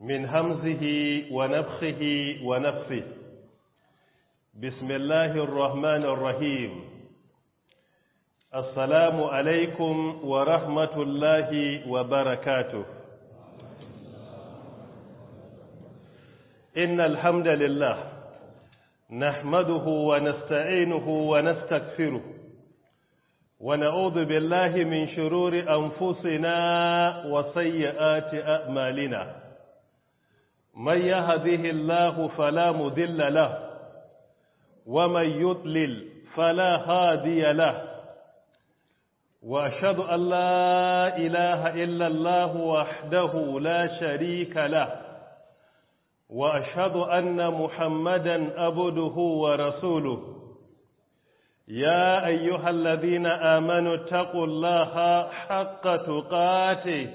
من همزه ونفخه ونفسه بسم الله الرحمن الرحيم السلام عليكم ورحمة الله وبركاته إن الحمد لله نحمده ونستعينه ونستكفره ونعوذ بالله من شرور أنفسنا وسيئات أعمالنا من يهده الله فلا مذل له ومن يضلل فلا هادي له وأشهد أن لا إله إلا الله وحده لا شريك له وأشهد أن محمدا أبده ورسوله يا أيها الذين آمنوا اتقوا الله حق تقاته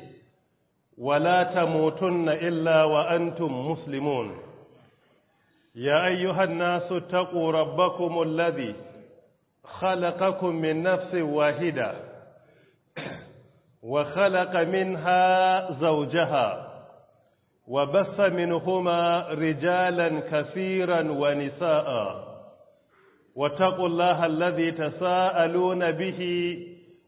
ولا تموتن إلا وأنتم مسلمون يا أيها الناس اتقوا ربكم الذي خلقكم من نفس واحدة وخلق منها زوجها وبث منهما رجالا كثيرا ونساء واتقوا الله الذي تساءلون به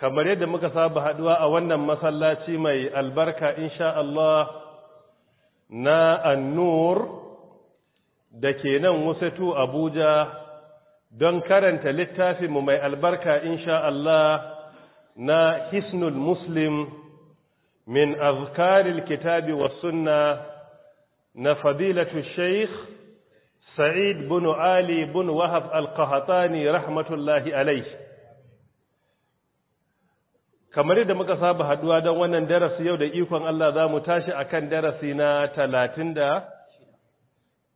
kamar yadda muka saba haduwa a wannan masallaci mai albarka insha Allah na annur da ke nan wasatu Abuja don karanta littafinmu mai albarka insha Allah na hisnul muslim min azkaril kitabi was sunna na fadilatu sheikh sa'id bin ali bin wahab al-qahtani rahmatullahi alayhi kamar yadda muka saba haduwa don wannan darasi yau da ikon Allah za mu tashi a kan darasi na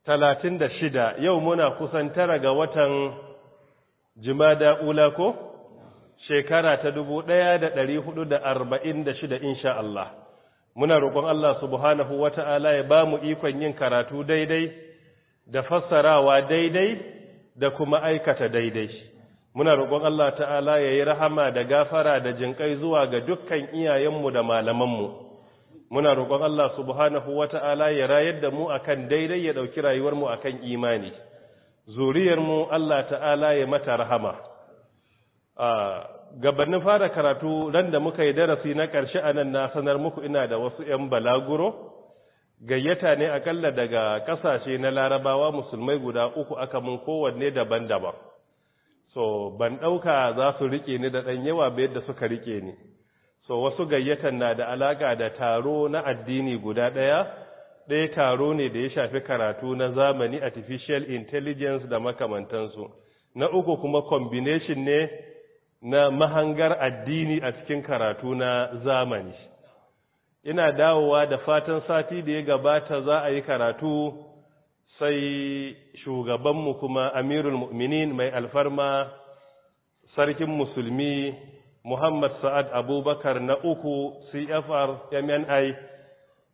talatin da shida yau muna kusan tara ga watan jimada ula ko shekara ta dubu ɗaya da ɗari hudu da arba'in da shida insha Allah muna roƙon Allah subhanahu wa ta'ala ya ba mu ikon yin karatu daidai da fassarawa daidai da kuma aikata daidai muna roƙon Allah ta'ala ya yi rahama da gafara da jinƙai zuwa ga dukkan iyayenmu da malamanmu muna roƙon Allah subhanahu wa ta'ala ya rayar da mu akan daidai ya ɗauki rayuwarmu akan imani zuriyarmu Allah ta'ala ya mata rahama gabanin fara karatu ran da muka yi darasi na ƙarshe a nan na sanar muku ina da wasu 'yan balaguro gayyata ne akalla daga ƙasashe na larabawa musulmai guda uku aka mun kowanne daban-daban so ban ɗauka za su riƙe ni da ɗan yawa ba yadda suka riƙe ni so wasu gayyatan na da alaƙa da taro na addini guda ɗaya ɗaya taro ne da ya shafi karatu na zamani artificial intelligence da makamantansu na uku kuma combination ne na mahangar addini a cikin karatu na zamani ina dawowa da fatan sati da ya gabata za a yi karatu sai shugabanmu kuma amirul mu'minin mai alfarma sarkin musulmi muhammad sa'ad abubakar na uku cfr mni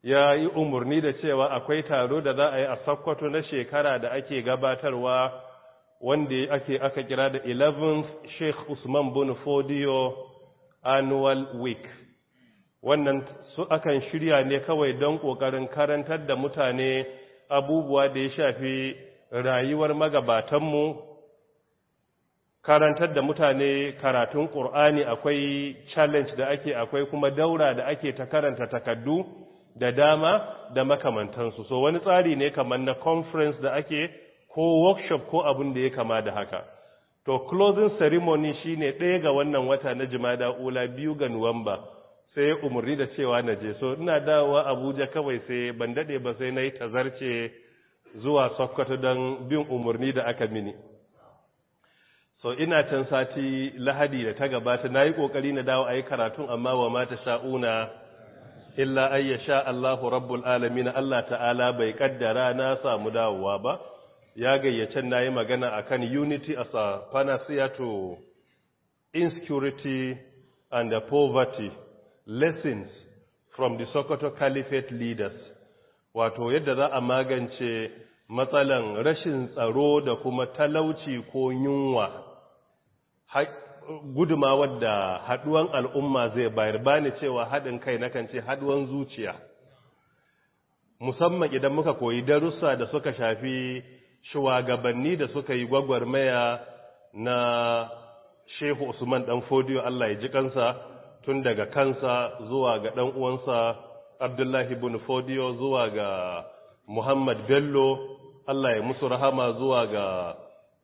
ya yi umarni da cewa akwai taro da za a yi a sakkwato na shekara da ake gabatarwa wanda ake aka kira da 11th sheikh usman bin fodiyo annual week wannan su akan shirya ne kawai don ƙoƙarin karantar da mutane abubuwa da ya shafi rayuwar magabatanmu karantar da mutane karatun ƙur'ani akwai challenge da ake akwai kuma daura da ake ta karanta takaddu da dama da makamantansu so wani tsari ne kamar na conference da ake ko workshop ko abin da ya kama da haka to closing ceremony shine ɗaya ga wannan wata na jimada ula biyu ga nuwamba sai umarni da cewa na je so ina dawowa abuja kawai sai ban daɗe ba sai na yi tazarce zuwa sokoto don bin umarni da aka mini so ina can sati lahadi da ta gabata na yi ƙoƙari na dawo a yi karatun amma wa mata sha'una illa ayya sha Allahu rabbul alamin Allah ta'ala bai kaddara na samu dawowa ba ya gayyace na yi magana akan unity as a panacea to insecurity and poverty lessons from the Sokoto Caliphate leaders wato yadda za a magance matsalan rashin tsaro da kuma talauci ko yunwa guduma wadda haduwan al'umma zai bayar bani cewa haɗin kai na kan ce haduwan zuciya musamman idan muka koyi darussa da suka shafi shugabanni da suka yi gwagwarmaya na shehu usman dan fodiyo Allah ya ji kansa tun daga kansa zuwa ga ɗan uwansa abdullahi bin fodiyo zuwa ga muhammad bello allah ya musu rahama zuwa ga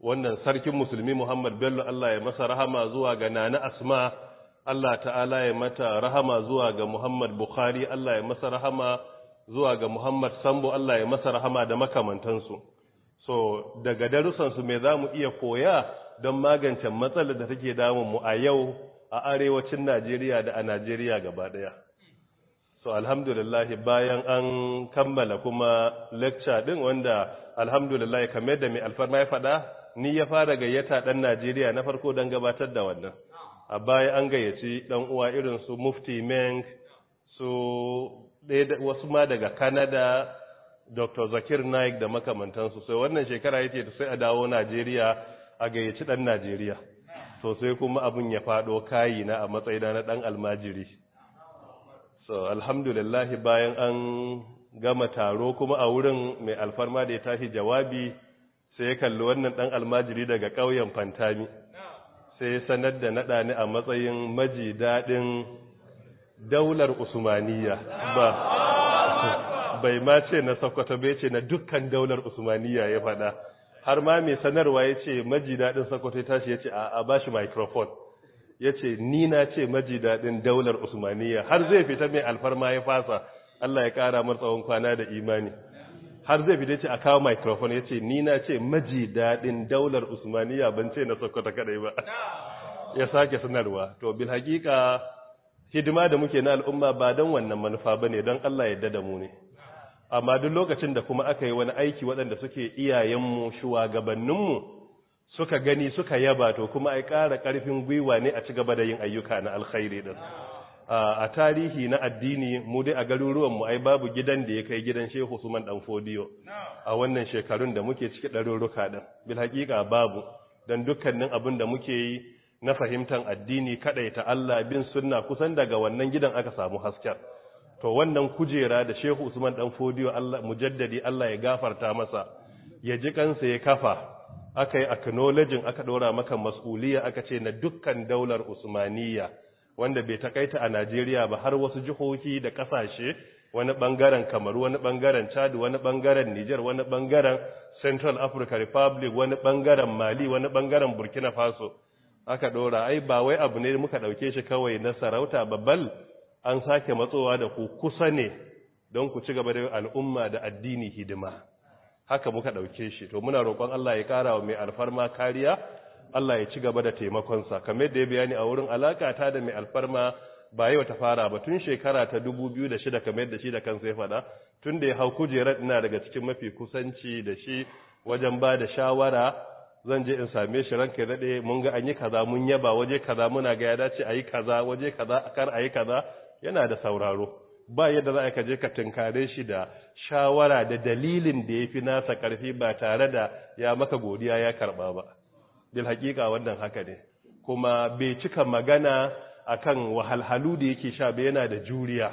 wannan sarkin musulmi muhammad bello allah ya masa rahama zuwa ga nana asma allah ta'ala ya mata rahama zuwa ga muhammad bukhari allah ya masa rahama zuwa ga muhammad sambo allah ya masa rahama da makamantansu so daga darussansu me za mu iya koya don magance matsalar da take damun mu a yau a arewacin Najeriya da a Najeriya gaba ɗaya. so alhamdulillah bayan an kammala kuma lecture din wanda alhamdulillah kamar da mai alfarma ya faɗa ni ya fara gayyata ɗan Najeriya na farko don gabatar da wannan a baya an gayyaci ɗan uwa irin su Mufti Meng su wasu ma daga Kanada Dr. Zakir Naik da makamantansu sai wannan shekara ya ta sai a dawo Najeriya a gayyaci ɗan Najeriya Sosai kuma abin ya fado kayina a matsayina na ɗan almajiri so alhamdulillah bayan an gama taro kuma a wurin mai alfarma da ya tashi jawabi sai ya kalli wannan ɗan almajiri daga ƙauyen fantami sai ya sanar da naɗa ni a matsayin maji daɗin daular Usmaniyya ba bai ma ce na sakwata bai ce na dukkan daular Usmaniyya ya faɗa har ma mai sanarwa ya ce maji daɗin sakwato ya tashi ya ce a ba shi microphone ya ce ni ce maji daular usmaniya har zai fita mai alfarma ya fasa Allah ya ƙara martsawon kwana da imani har zai fita ce a kawo microphone ya ce ni na ce maji daular usmaniya ban ce na sakwato kaɗai ba ya sake sanarwa to bil hakika hidima da muke na al'umma ba don wannan manufa ba ne don Allah ya dada mu ne amma duk lokacin da kuma aka yi wani aiki waɗanda suke iyayenmu shugabanninmu suka gani suka yaba to kuma ai ƙara ƙarfin gwiwa ne a ci gaba da yin ayyuka na alkhairi din a tarihi na addini mu dai a garuruwanmu ai babu gidan da ya kai gidan shehu suman dan fodiyo a wannan shekarun da muke ciki ɗarurruka ɗin bil haƙiƙa babu don dukkanin abin da muke yi na fahimtar addini kaɗai ta Allah bin sunna kusan daga wannan gidan aka samu hasken to wannan kujera da Shehu Usman dan Fodiyo Allah mujaddadi Allah ya gafarta masa ya ji kansa ya kafa aka yi acknowledging aka dora maka mas'uliyya aka ce na dukkan daular Usmaniyya wanda bai takaita a Najeriya ba har wasu jihohi da kasashe wani bangaren Kamaru wani bangaren Chad wani bangaren Niger wani bangaren Central Africa Republic wani bangaren Mali wani bangaren Burkina Faso aka dora ai ba wai abu ne muka dauke shi kawai na sarauta babbal an sake matsowa da ku kusa ne don ku ci gaba da al'umma da addini hidima haka muka ɗauke shi to muna roƙon Allah ya ƙara wa mai alfarma kariya Allah ya ci gaba da taimakonsa kamar da ya bayani a wurin alaƙa ta da mai alfarma ba yau ta fara ba tun shekara ta 2006 kamar da shi da kansa ya faɗa tun da ya hau kujerar ina daga cikin mafi kusanci da shi wajen ba da shawara zan je in same shi ranka ya daɗe mun ga an yi kaza mun yaba waje kaza muna ga ya dace a yi kaza waje kaza kar a yi kaza yana da sauraro ba yadda za ka je ka tunkare shi da shawara da dalilin da ya fi nasa ƙarfi ba tare da ya maka godiya ya karɓa ba dil haƙiƙa wannan haka ne kuma bai cika magana akan wahalhalu da yake sha ba yana da juriya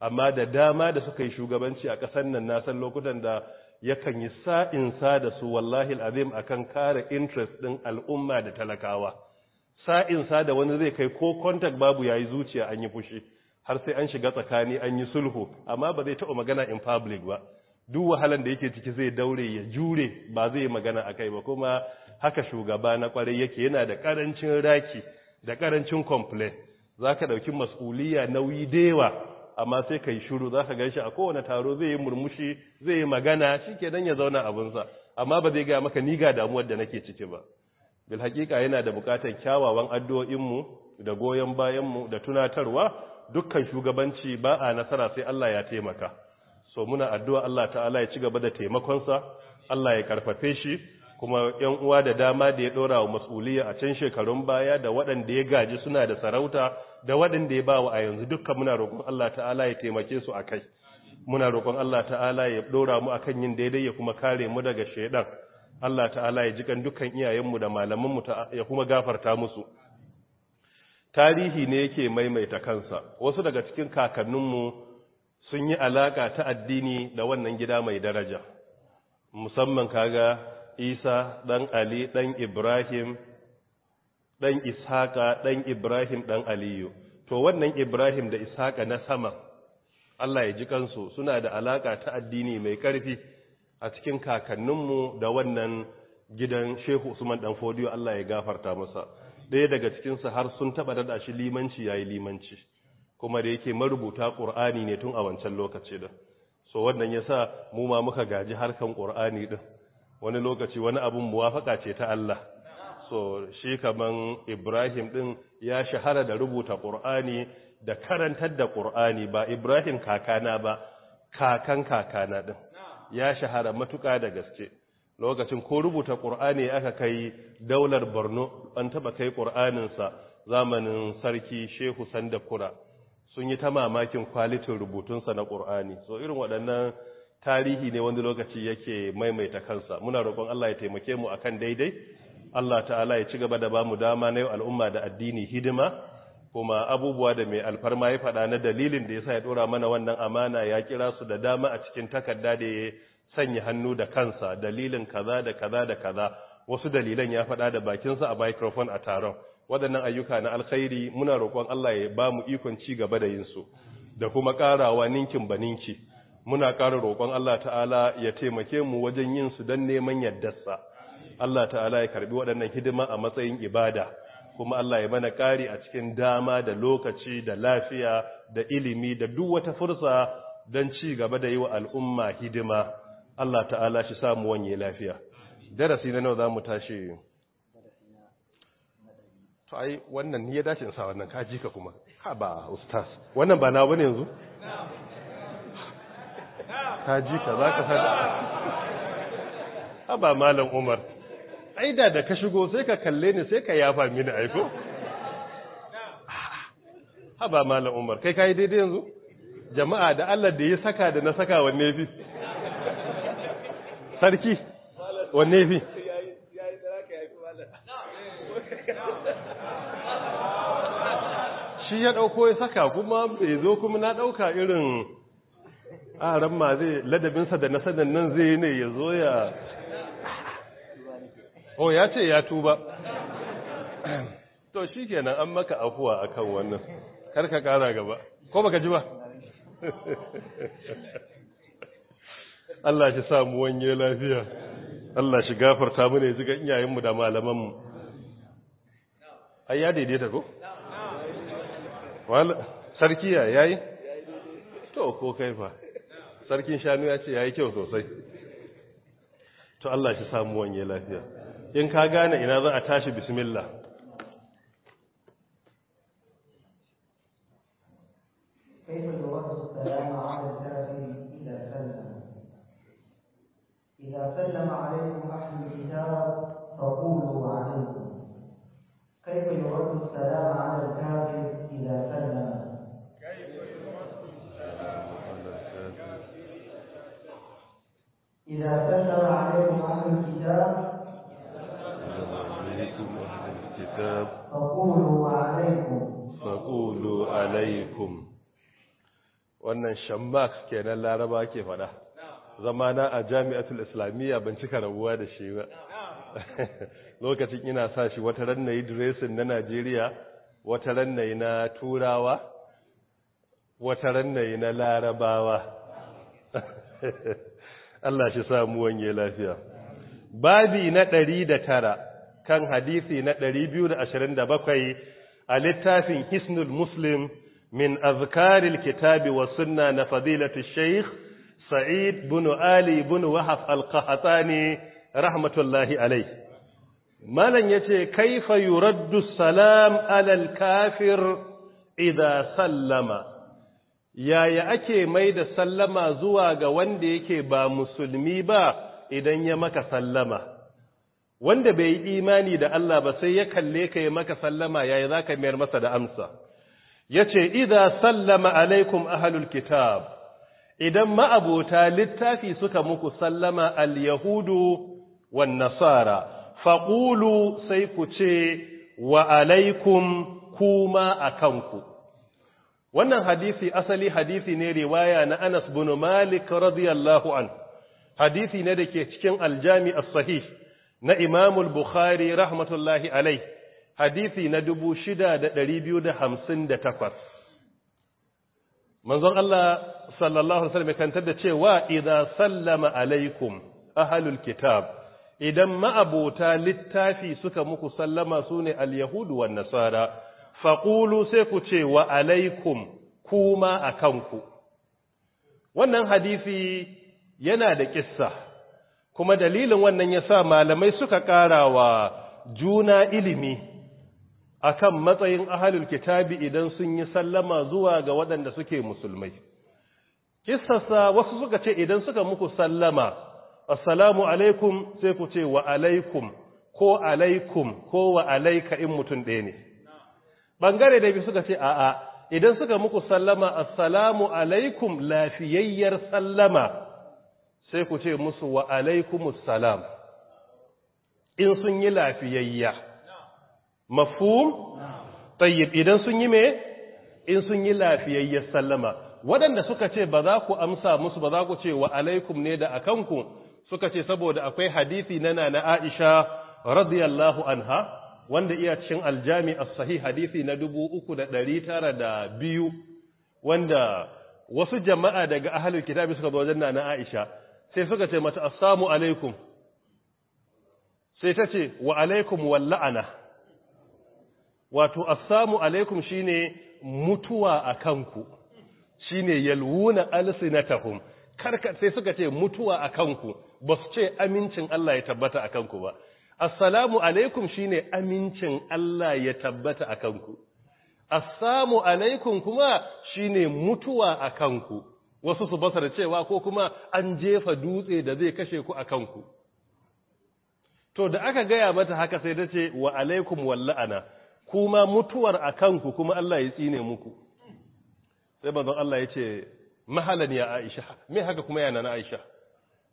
amma da dama da suka yi shugabanci a ƙasar nan na san lokutan da yakan yi sa'in sa da su wallahi al'azim akan kare interest ɗin al'umma da talakawa sa'in sa da wani zai kai ko contact babu yayi zuciya an yi fushi har sai an shiga tsakani an yi sulhu amma ba zai taɓa magana in public ba duk wahalan da yake ciki zai daure ya jure ba zai magana a kai ba kuma haka shugaba na kwarai yake yana da ƙarancin raki da ƙarancin complain za ka ɗauki mas'uliya nauyi dewa amma sai ka yi shuru za ka gan shi a kowane taro zai yi murmushi zai yi magana shi ke ya zauna abinsa amma ba zai gaya maka ni ga damuwar da nake ciki ba bil haƙiƙa yana da buƙatar kyawawan addu'o'inmu da goyon bayanmu da tunatarwa dukkan shugabanci ba a nasara sai Allah ya taimaka so muna addu'a Allah ta'ala ya ci gaba da taimakonsa Allah ya karfafe shi kuma ‘yan uwa da dama da ya ɗora wa mas'uliya a can shekarun baya da waɗanda ya gaji suna da sarauta da waɗanda ya bawa a yanzu dukkan muna roƙon Allah ta'ala ya taimake su a kai muna roƙon Allah ta'ala ya ɗora mu a kan yin daidai ya kuma kare mu daga shaidan Allah ta'ala ya jikan dukkan iyayenmu da malamanmu ya kuma gafarta musu tarihi ne yake maimaita kansa wasu daga cikin kakanninmu sun yi alaka ta addini da wannan gida mai daraja musamman kaga isa dan ali dan ibrahim dan ishaqa dan ibrahim dan aliyu to wannan ibrahim da ishaka na sama Allah ya ji kansu suna da alaka ta addini mai karfi a cikin kakanninmu da wannan gidan shehu usman dan fodiyo Allah ya gafarta masa ɗaya daga cikinsa har sun taɓa daɗa shi limanci ya yi limanci kuma da yake marubuta ƙur'ani ne tun a wancan lokaci ɗin so wannan ya sa mu ma muka gaji harkan ƙur'ani ɗin wani lokaci wani abin muwafaƙa ce ta Allah so shi kaman Ibrahim ɗin ya shahara da rubuta ƙur'ani da karantar da ƙur'ani ba Ibrahim kakana ba kakan kakana ɗin ya shahara matuka da gaske lokacin ko rubuta ƙur'ani aka kai daular borno an taɓa kai ƙur'aninsa zamanin sarki shehu sanda kura sun yi ta mamakin kwalitin rubutunsa na ƙur'ani so irin waɗannan tarihi ne wanda lokaci yake maimaita kansa muna roƙon Allah ya taimake mu akan daidai Allah ta'ala ya ci gaba da ba mu dama na yau al'umma da addini hidima kuma abubuwa da mai alfarma ya faɗa na dalilin da ya sa ya ɗora mana wannan amana ya kira su da dama a cikin takarda da ya. sanya hannu da kansa dalilin kaza da kaza da kaza wasu dalilan ya faɗa da bakinsa a microphone a taron waɗannan ayyuka na alkhairi muna roƙon Allah ya ba mu ikon ci gaba da yin su da kuma ƙarawa ninkin ba muna ƙara roƙon Allah ta'ala ya taimake mu wajen yin su dan neman yaddarsa Allah ta'ala ya karbi waɗannan hidima a matsayin ibada kuma Allah ya mana ƙari a cikin dama da lokaci da lafiya da ilimi da duk wata fursa don ci gaba da yi wa al'umma hidima Allah ta'ala shi samu wanye lafiya darasi na nawa zamu tashi to ai wannan ni ya dace in sa wannan kaji ka kuma ha ba ustaz wannan ba na bane yanzu kaji ka za ka sada ha ba malam Umar aida da ka shigo sai ka kalle ni sai ka yafa mini aiko ha ba malam Umar kai kai daidai yanzu jama'a da Allah da ya saka da na saka wanne fi sarki wanne fi shi ya ɗauko ya saka kuma bai zo kuma na ɗauka irin aran ma zai ladabinsa da na nan zai ne ya zo ya o oh, ya ce ya tuba to shi kenan an maka afuwa akan wannan karka kara gaba ko baka ji ba Allah shi sa mu wanye lafiya Allah shi gafarta mu ne ziga iyayenmu da malamanmu ai ya daidaita ko wala sarki ya yayi to ko kai fa sarkin shanu ya ce yayi kyau sosai to Allah shi sa mu wanye lafiya in ka gane ina za a tashi bismillah إذا سلم عليكم أهل الكتاب فقولوا عليكم كيف يرد السلام على الكافر إذا سلم كيف يرد السلام على إذا سلم عليكم أهل الكتاب عليكم أهل الكتاب فقولوا عليكم فقولوا عليكم wannan shammax kenan laraba ke fada zamana a jami'atul islamiyya ban cika rabuwa da shi ba lokacin ina sa shi wata ran nayi dressing na Najeriya wata ran nayi na turawa wata ran nayi na larabawa Allah shi samu wanye lafiya babi na 109 kan hadisi na 227 a littafin Hisnul Muslim min azkaril kitabi wa sunna na fadilatul shaykh sa'id bin ali bin wahab al ne, rahmatullahi alai malan yace kaifa yuraddu salam ala kafir idha sallama yaya ake mai da sallama zuwa ga wanda yake ba musulmi ba idan ya maka sallama wanda bai yi imani da Allah ba sai ya kalle ka yi maka sallama yaya zaka mayar masa da amsa yace idha sallama alaikum ahlul kitab idan ma'abota littafi suka muku sallama al-yahudu wan nasara faqulu sai ku ce wa alaikum kuma akanku wannan hadisi asali hadisi ne riwaya na Anas bin Malik radiyallahu an hadisi ne da ke cikin al as-Sahih na imamul bukhari rahmatullahi alai hadisi na 6258 manzon Allah sallallahu alaihi wasallam kantar da cewa idza sallama alaikum ahlul kitab idan ma'abota littafi suka muku sallama sune alyahudu wan nasara faqulu sai ku ce wa alaikum kuma akanku wannan hadisi yana da kissa kuma dalilin wannan yasa malamai suka karawa juna ilimi akan matsayin ahalul kitabi idan sun yi sallama zuwa ga waɗanda suke musulmai kissa wasu suka ce idan suka muku sallama assalamu alaikum sai ku ce wa alaikum ko alaikum ko wa alaika in mutum ɗaya ne Bangare da bi suka ce a'a idan suka muku sallama assalamu alaikum lafiyayyar sallama sai ku ce musu wa alaikumus salam in sun yi lafiyayya mafhum tayyib idan sun yi me in sun yi lafiyayya sallama waɗanda suka ce ba za ku amsa musu ba za ku ce wa alaikum ne da akanku suka ce saboda akwai hadisi na na Aisha radiyallahu anha wanda iya cikin aljami as-sahih hadisi na 3902 wanda wasu jama'a daga ahlul kitabi suka zo wajen na Aisha sai suka ce mata assalamu alaikum sai ta ce wa alaikum walla'ana wato assamu alaikum shine mutuwa a kanku shine yalwuna alsinatahum karka sai suka ce mutuwa a kanku ba su ce amincin Allah ya tabbata a kanku ba assalamu alaikum shine amincin Allah ya tabbata a kanku assamu alaikum kuma shine mutuwa a kanku wasu su basar cewa ko kuma an jefa dutse da zai kashe ku a kanku to da aka gaya mata haka sai ta ce wa alaikum walla'ana kuma mutuwar a kanku kuma Allah ya tsine muku sai bazan Allah ya ce mahalan ya Aisha me haka kuma yana na Aisha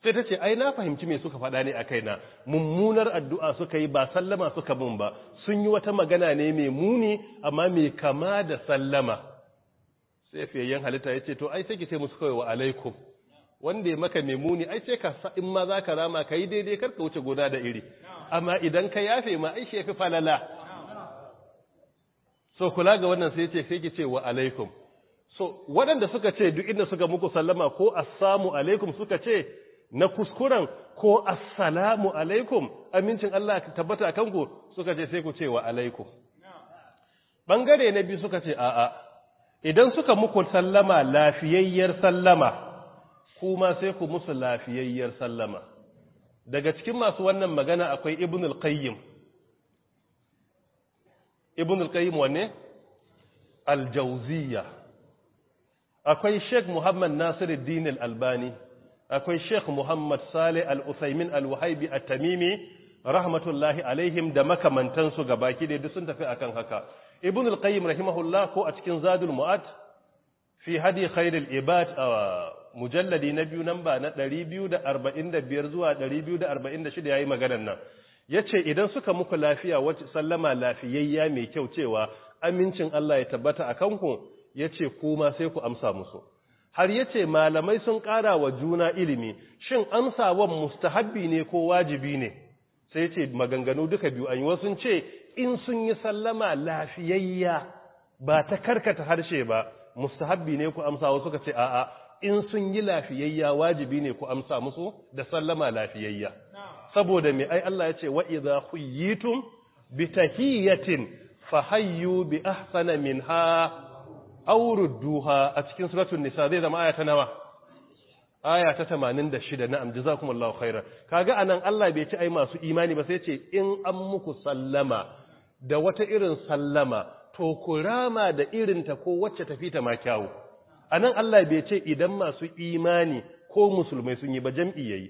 sai ta ce ai na fahimci me suka faɗa ne a kaina mummunar addu'a suka yi ba sallama suka bin ba sun yi wata magana ne mai muni amma mai kama da sallama sai fiyayyen halitta ya ce to ai sai ki ce musu kawai wa alaikum wanda ya maka mai muni ai sai ka in ma za ka rama ka yi daidai kar ka wuce gona da iri amma idan ka yafe ma ai shi ya fi falala so kula ga wannan sai ce sai ki wa alaikum so waɗanda suka ce duk inda suka muku sallama ko assalamu alaikum suka ce na kuskuren ko assalamu alaikum amincin Allah ka tabbata kanku suka ce sai ku ce wa alaikum Bangare na biyu suka ce a'a idan suka muku sallama lafiyayyar sallama kuma sai ku musu lafiyayyar sallama daga cikin masu wannan magana akwai ibnul qayyim ibn al-qayyim wanne al jawziya akwai sheikh muhammad nasiruddin al-albani akwai sheikh muhammad saleh al-usaimin al-wahibi at-tamimi rahmatullahi alaihim da makamantansu gabaki da duk sun tafi akan haka ibn al-qayyim rahimahullah ko a cikin zadul mu'ad fi hadi khairil ibad mujalladi na biyu namba na 245 zuwa 246 yayi maganar nan ya ce idan suka muku lafiya wacce sallama lafiyayya mai kyau cewa amincin Allah ya tabbata a kanku ya ce kuma sai ku amsa musu har ya ce malamai sun ƙara wa juna ilimi shin amsa amsawan mustahabbi ne ko wajibi ne sai ce maganganu duka biyu an yi wasu ce in sun yi sallama lafiyayya ba ta karkata harshe ba mustahabbi ne ku amsa wasu ka ce a'a in sun yi lafiyayya wajibi ne ku amsa musu da sallama lafiyayya saboda mai ai Allah ya ce wa idza tun bi tahiyatin fahayyu bi ahsana minha aw rudduha a cikin suratul nisa zai zama aya ta nawa aya ta 86 na'am jazakumullahu khairan kaga anan Allah bai ci ai masu imani ba sai ce in an muku sallama da wata irin sallama to kurama da irinta ko wacce tafi ta ma kyau. anan Allah bai ce idan masu imani ko musulmai sun yi ba jam'i yayi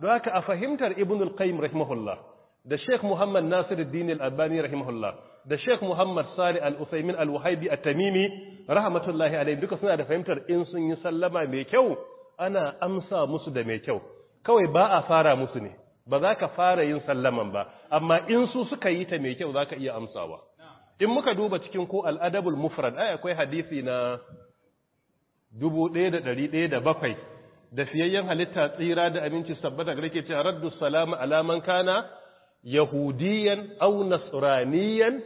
don haka a fahimtar ibn al-qayyim rahimahullah da sheikh muhammad nasiruddin al-albani rahimahullah da sheikh muhammad sari al-usaimin al-wahibi at-tamimi rahmatullahi alayhi duka suna da fahimtar in sun yi sallama mai kyau ana amsa musu da mai kyau kawai ba a fara musu ne ba za ka fara yin sallaman ba amma in su suka yi ta mai kyau za ka iya amsawa in muka duba cikin ko al'adabul mufrad ai akwai hadisi na 1107 da fiyayyen halitta tsira da aminci sabbata ga ke cewa raddu salamu alaman kana yahudiyan au nasraniyan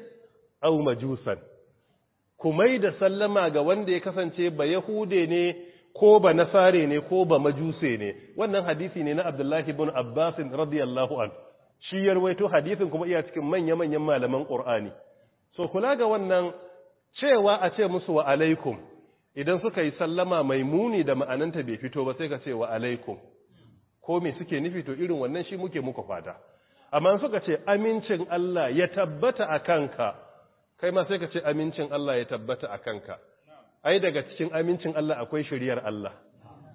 au majusan kumai da sallama ga wanda ya kasance ba yahude ne ko ba nasare ne ko ba majuse ne wannan hadisi ne na abdullahi ibn abbas radiyallahu an shi yarwaito hadisin kuma iya cikin manya-manyan malaman qur'ani so kula ga wannan cewa a ce musu wa alaikum idan suka yi sallama mai muni da ma'ananta bai fito ba sai ka ce wa alaikum ko me suke nufi to irin wannan shi muke muka fada amma suka ce amincin Allah ya tabbata a kanka kai ma sai ka ce amincin Allah ya tabbata a kanka ai daga cikin amincin Allah akwai shiryar Allah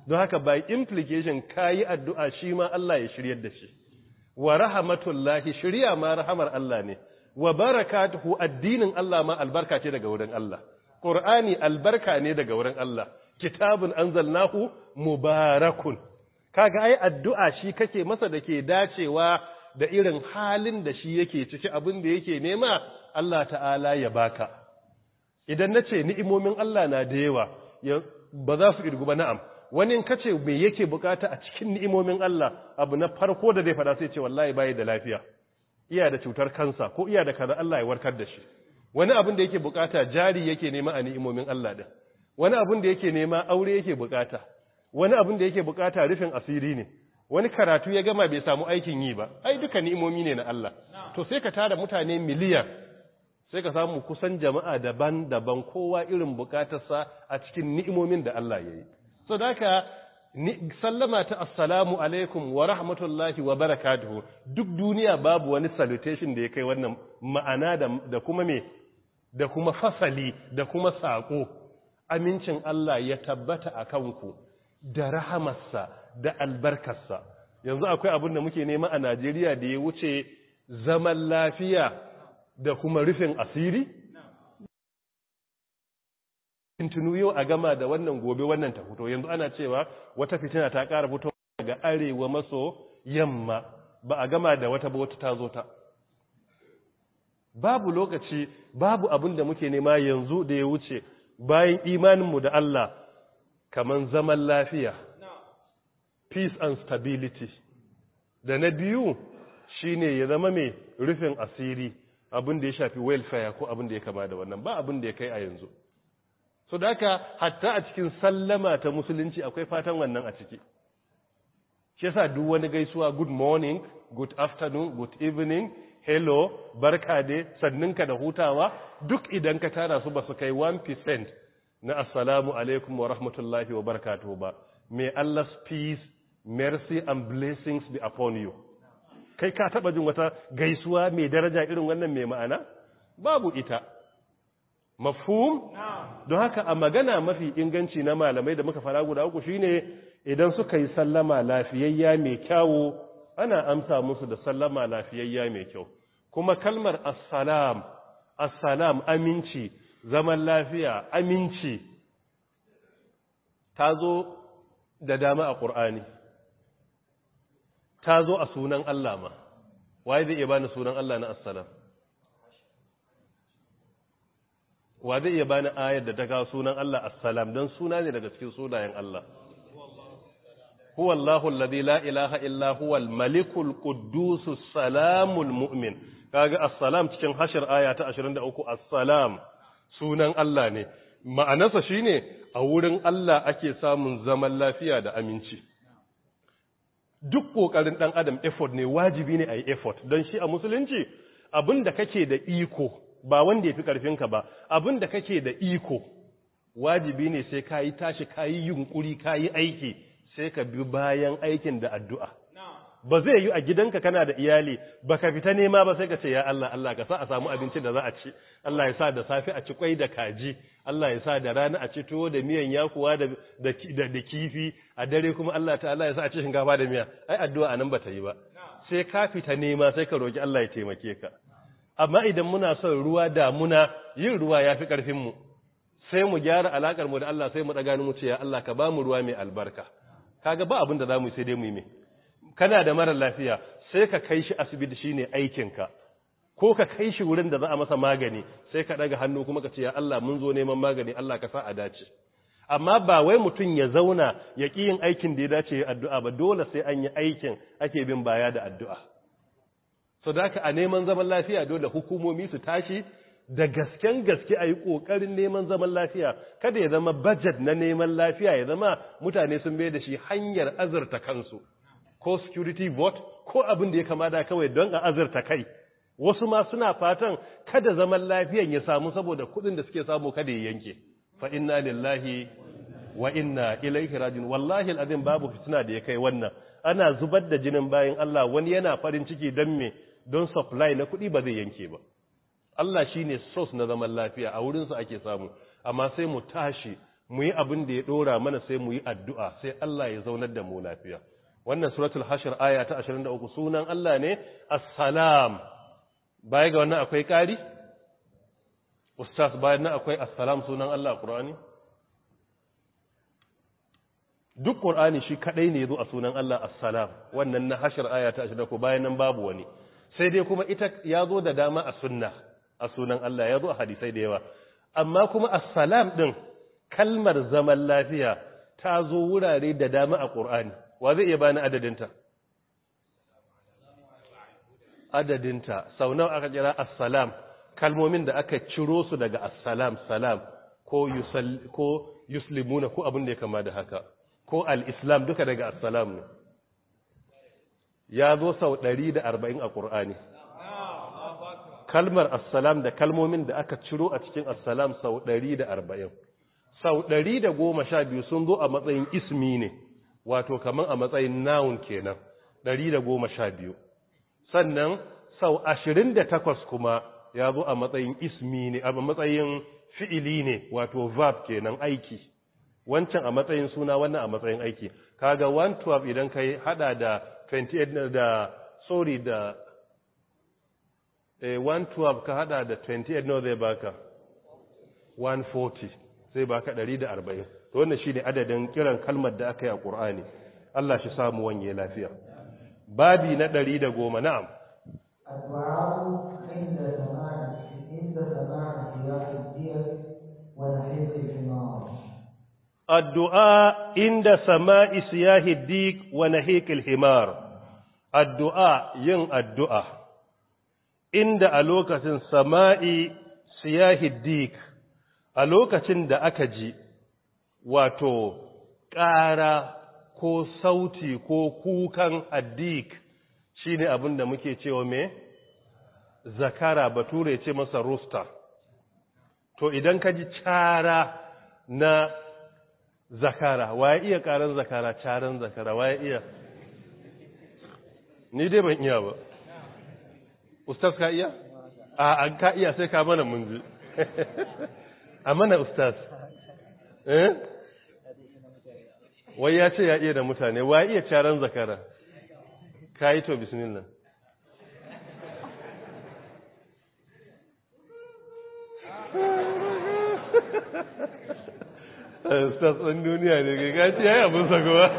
don haka by implication kayi addu'a shi ma Allah ya shiryar da shi wa rahmatullahi shiriya ma rahamar Allah ne wa barakatuhu addinin Allah ma albarka ce daga wurin Allah ƙur'ani albarka ne daga wurin Allah kitabun anzalnahu mubarakun kaga ai addu'a shi kake masa da ke dacewa da irin halin da shi yake ciki abin da yake nema Allah ta'ala ya baka idan nace ni'imomin Allah na da yawa ba za su irgu ba na'am wani kace me yake bukata a cikin ni'imomin Allah abu na farko da zai fada sai ce wallahi bai da lafiya iya da cutar kansa ko iya da kaza Allah ya warkar da shi wani abin da yake bukata jari yake nema a ni'imomin Allah din wani abin da yake nema aure yake bukata wani abin da yake bukata rufin asiri ne wani karatu ya gama bai samu aikin yi ba ai duka ni'imomi ne na Allah to sai ka tara mutane miliyan sai ka samu kusan jama'a daban-daban kowa irin bukatarsa a cikin ni'imomin da Allah ya yi so daka sallama ta assalamu alaikum wa rahmatullahi wa barakatuhu duk duniya babu wani salutation da ya kai wannan ma'ana da kuma me da kuma fasali da kuma saƙo amincin Allah ya tabbata a kanku da rahamarsa da albarkarsa yanzu akwai abin da muke nema a Najeriya da ya wuce zaman lafiya da kuma rufin asiri tunu yau a gama da wannan gobe wannan ta fito yanzu ana cewa wata fitina ta ƙara fito daga arewa maso yamma ba a gama da wata ba wata ta zo ta babu lokaci babu abin da muke nema yanzu da ya wuce bayan imaninmu da Allah kaman zaman lafiya peace and stability da na biyu shine ya zama mai rufin asiri abin da ya shafi welfare ko abin da ya kama da wannan ba abin da ya kai a yanzu so da haka hatta a cikin sallama ta musulunci akwai fatan wannan a ciki shi yasa duk wani gaisuwa good morning good afternoon good evening hello barka dai sanninka da hutawa duk idan ka tara su ba su kai 1% na assalamu alaikum wa rahmatullahi wa barakatuh ba may Allah's peace mercy and blessings be upon you kai ka taba jin wata gaisuwa mai daraja irin wannan mai ma'ana babu ita mafhum don haka a magana mafi inganci na malamai da muka fara guda uku shine idan suka yi sallama lafiyayya mai kyawu ana amsa musu da sallama lafiyayya mai kyau kuma kalmar assalam assalam aminci zaman lafiya aminci ta zo da dama a ƙur'ani ta zo a sunan Allah ma waye zai iya bani sunan Allah na assalam wa zai iya bani ayar da ta kawo sunan Allah assalam don suna ne daga cikin sunayen Allah huwa Allahu alladhi la ilaha illa huwa al-malikul quddus salamul mu'min kaga assalam cikin hashir aya ta 23 asalam. sunan Allah ne ma'anarsa shine a wurin Allah ake samun zaman lafiya da aminci duk kokarin dan adam effort ne wajibi ne ayi effort don shi a musulunci abinda kake da iko ba wanda yafi karfinka ba abinda kake da iko wajibi ne sai kayi tashi kayi yunkuri kayi aiki sai ka bi bayan aikin da addu'a ba zai yi a gidanka kana da iyali ba ka fita nema ba sai ka ce ya Allah Allah ka sa a samu abinci da za a ci Allah ya sa da safi a ci kwai da kaji Allah ya sa da rana a ci tuwo da miyan yakuwa da da kifi a dare kuma Allah Allah ya sa a ci shinkafa da miya ai addu'a a nan ba ta yi ba sai ka fita nema sai ka roƙi. Allah ya taimake ka amma idan muna son ruwa da muna yin ruwa ya fi ƙarfinmu, sai mu gyara alakar mu da Allah sai mu ɗaga ni mu ce ya Allah ka ba mu ruwa mai albarka kaga ba abin da za mu sai dai mu yi mai kana da mara lafiya sai ka kai shi asibiti shine aikinka ko ka kai shi wurin da za a masa magani sai ka ɗaga hannu kuma ka ce ya Allah mun zo neman magani Allah ka sa a dace amma ba wai mutum ya zauna ya ƙi yin aikin da ya dace ya addu'a ba dole sai an yi aikin ake bin baya da addu'a. So da a neman zaman lafiya dole hukumomi su tashi da gasken gaske a yi ƙoƙarin neman zaman lafiya kada ya zama budget na neman lafiya ya zama mutane sun bai da shi hanyar azurta kansu ko security vote ko abin da ya kama da kawai don a azurta kai wasu ma suna fatan kada zaman lafiyan ya samu saboda kuɗin da suke samu kada ya yanke fa inna lillahi wa inna ilaihi rajiun wallahi alazim babu fitina da ya kai wannan ana zubar da jinin bayan Allah wani yana farin ciki dan me don supply na kuɗi ba zai yanke ba Allah shi ne source na zaman lafiya a wurinsa ake samu amma sai mu tashi mu yi abin da ya dora mana sai mu yi addu'a sai Allah ya zaunar da mu lafiya wannan suratul hashar aya ta 23 sunan Allah ne assalam baya ga wannan akwai ƙari? ustaz bayan na akwai assalam sunan Allah Qur'ani duk Qur'ani shi kadai ne zo a sunan Allah assalam wannan na hashar aya ta 23 bayan nan babu wani sai dai kuma ita ya zo da dama a sunna a sunan Allah ya zo a hadisai da yawa amma kuma assalam ɗin kalmar zaman lafiya ta zo wurare da dama a Qur'ani wa zai iya bani adadinta adadinta sau nawa aka kira assalam kalmomin da aka ciro su daga assalam salam ko yusal ko yuslimuna ko abin da ya kama da haka ko al-islam duka daga assalam ne ya zo sau ɗari da arba'in a Qur'ani kalmar assalam da kalmomin da aka ciro a cikin assalam sau 140 sau 112 sun zo a matsayin ismi ne wato kaman a matsayin noun kenan 112 sannan sau 28 kuma ya zo a matsayin ismi ne a matsayin fi'ili ne wato verb kenan aiki wancan a matsayin suna wannan a matsayin aiki kaga 112 idan kai hada da 28 da sorry da 112 eh, ka hada da 28 no zai baka 140 zai baka 140 to wannan shine adadin kiran kalmar da aka yi a Qur'ani Allah shi samu wanye lafiya babi na 110 na'am addu'a inda sama'i siyahi dik wa nahikil himar addu'a yin addu'a inda a lokacin sama'i dik a lokacin da aka ji wato ƙara ko sauti ko kukan addik ne abin da muke cewa me zakara bature ce masa rusta to idan ka ji cara na zakara waye iya karan zakara caran zakara waye iya ni dai ban iya ba ustaz ka iya a an ka iya sai ka mana mun ji a mana ustaz eh wai ya ce ya iya da mutane wa iya caran zakara ka yi to bismillah ustaz ɗan duniya ne ga gaci ya yi abin sagowa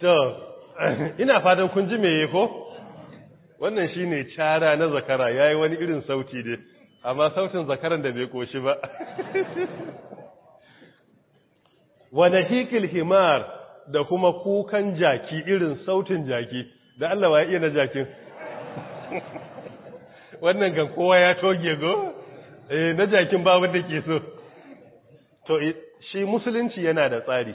To, ina fatan kun ji meye ko? Wannan shi ne cara na zakara ya yi wani irin sauti ne, amma sautin zakaran da bai koshi ba. Wani hikil himar da kuma kukan jaki irin sautin jaki, da Allah wa ya iya na jakin. Wannan ga kowa ya toge go? Eh, na jakin babu da ke so. To, shi musulunci yana da tsari.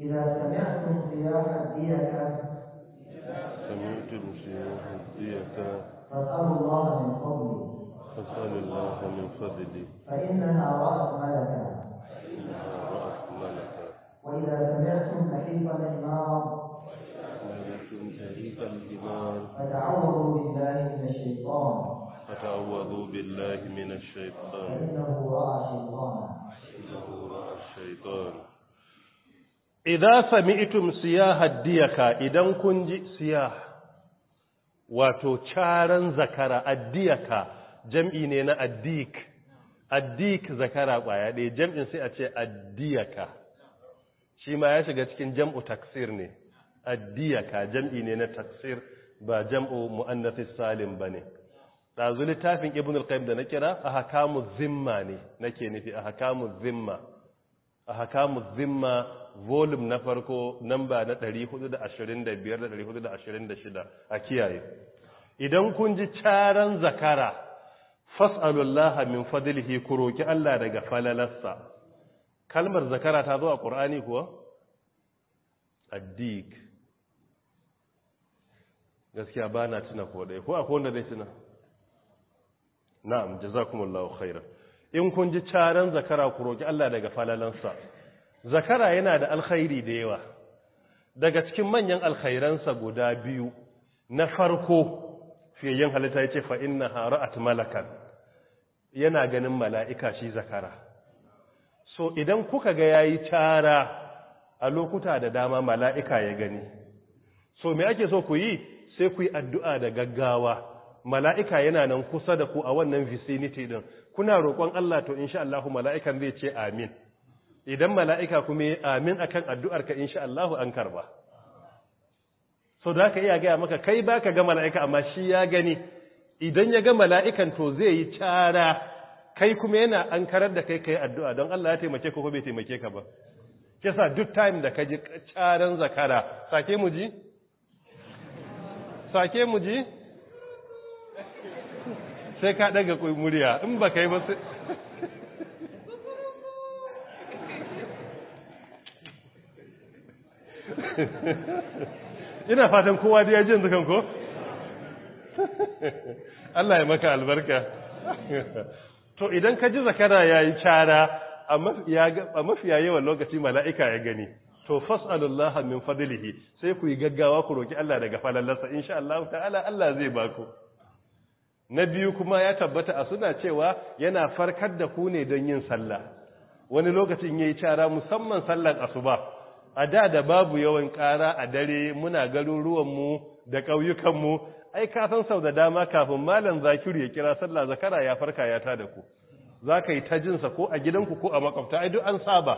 إذا سمعتم صياح الديكة سمعتم صياح الديكة فاسألوا الله من فضله فاسأل الله من فضله فإنها رأت ملكا فإنها رأت ملكا وإذا سمعتم تحيط الحمار الحمار فتعوذوا بالله من الشيطان فتعوذوا بالله من الشيطان فإنه رأى شيطانا فإنه رأى الشيطان idza sami'tum siya diyaka idan kun ji siya wato caran zakara addiyaka jam'i ne na addik addik zakara kwaya ɗaya jam'in sai a ce addiyaka shi ma ya shiga cikin jam'u taksir ne addiyaka jam'i ne na taksir ba jam'u mu'annathis salim ne. Ɗazu littafin ibn al-qayyim da na kira ahkamu zimma ne nake nufi ahkamu zimma a hakamu zimma volume na farko namba na 425-426 a kiyaye idan kun ji caran zakara fas'alullaha min fadlihi ku roki Allah daga falalarsa kalmar zakara ta zo a qur'ani kuwa addik gaskiya ba na tuna ko ɗaya ko akwai wanda zai tuna na'am jazakumullahu khairan in kun ji caran zakara ku roƙi Allah daga falalansa zakara yana da alkhairi da yawa daga cikin manyan alkhairansa guda biyu na farko fiyayyen halitta yace fa innaha ra'at malakan yana ganin mala'ika shi zakara so idan kuka ga ya yi cara a lokuta da dama mala'ika ya gani so me ake so ku yi sai ku yi addu'a da gaggawa mala'ika yana nan kusa da ku a wannan vicinity din kuna roƙon Allah to insha Allah mala'ikan zai ce amin idan mala'ika kuma yi amin a akan addu'arka insha Allah an karba so da ka iya gaya maka kai ba ka ga mala'ika amma shi ya gani idan ya ga mala'ikan to zai yi cara kai kuma yana an karar da kai kai addu'a don Allah ya taimake ko bai taimake ka ba kisa duk time da ka ji caran zakara sake mu ji sake mu ji sai ka ɗaga ƙwai murya in ba ka yi ba ina fatan kowa da ya jin zukan ko Allah ya maka albarka to idan ka ji zakara ya yi cara a mafiya yawan lokaci mala'ika ya gani to fas'alullaha min fadilihi sai ku yi gaggawa ku roƙi Allah daga falalarsa sha Allah ta'ala Allah zai baku na biyu kuma ya tabbata a suna cewa yana farkar da ku ne don yin sallah wani lokacin ya yi cara musamman sallar asuba a da da babu yawan kara a dare muna garuruwanmu da ƙauyukanmu ai ka sau da dama kafin malam zakiru ya kira sallah zakara ya farka ya tada ku za ka yi tajinsa ko a gidanku ko a makwabta ai duk an saba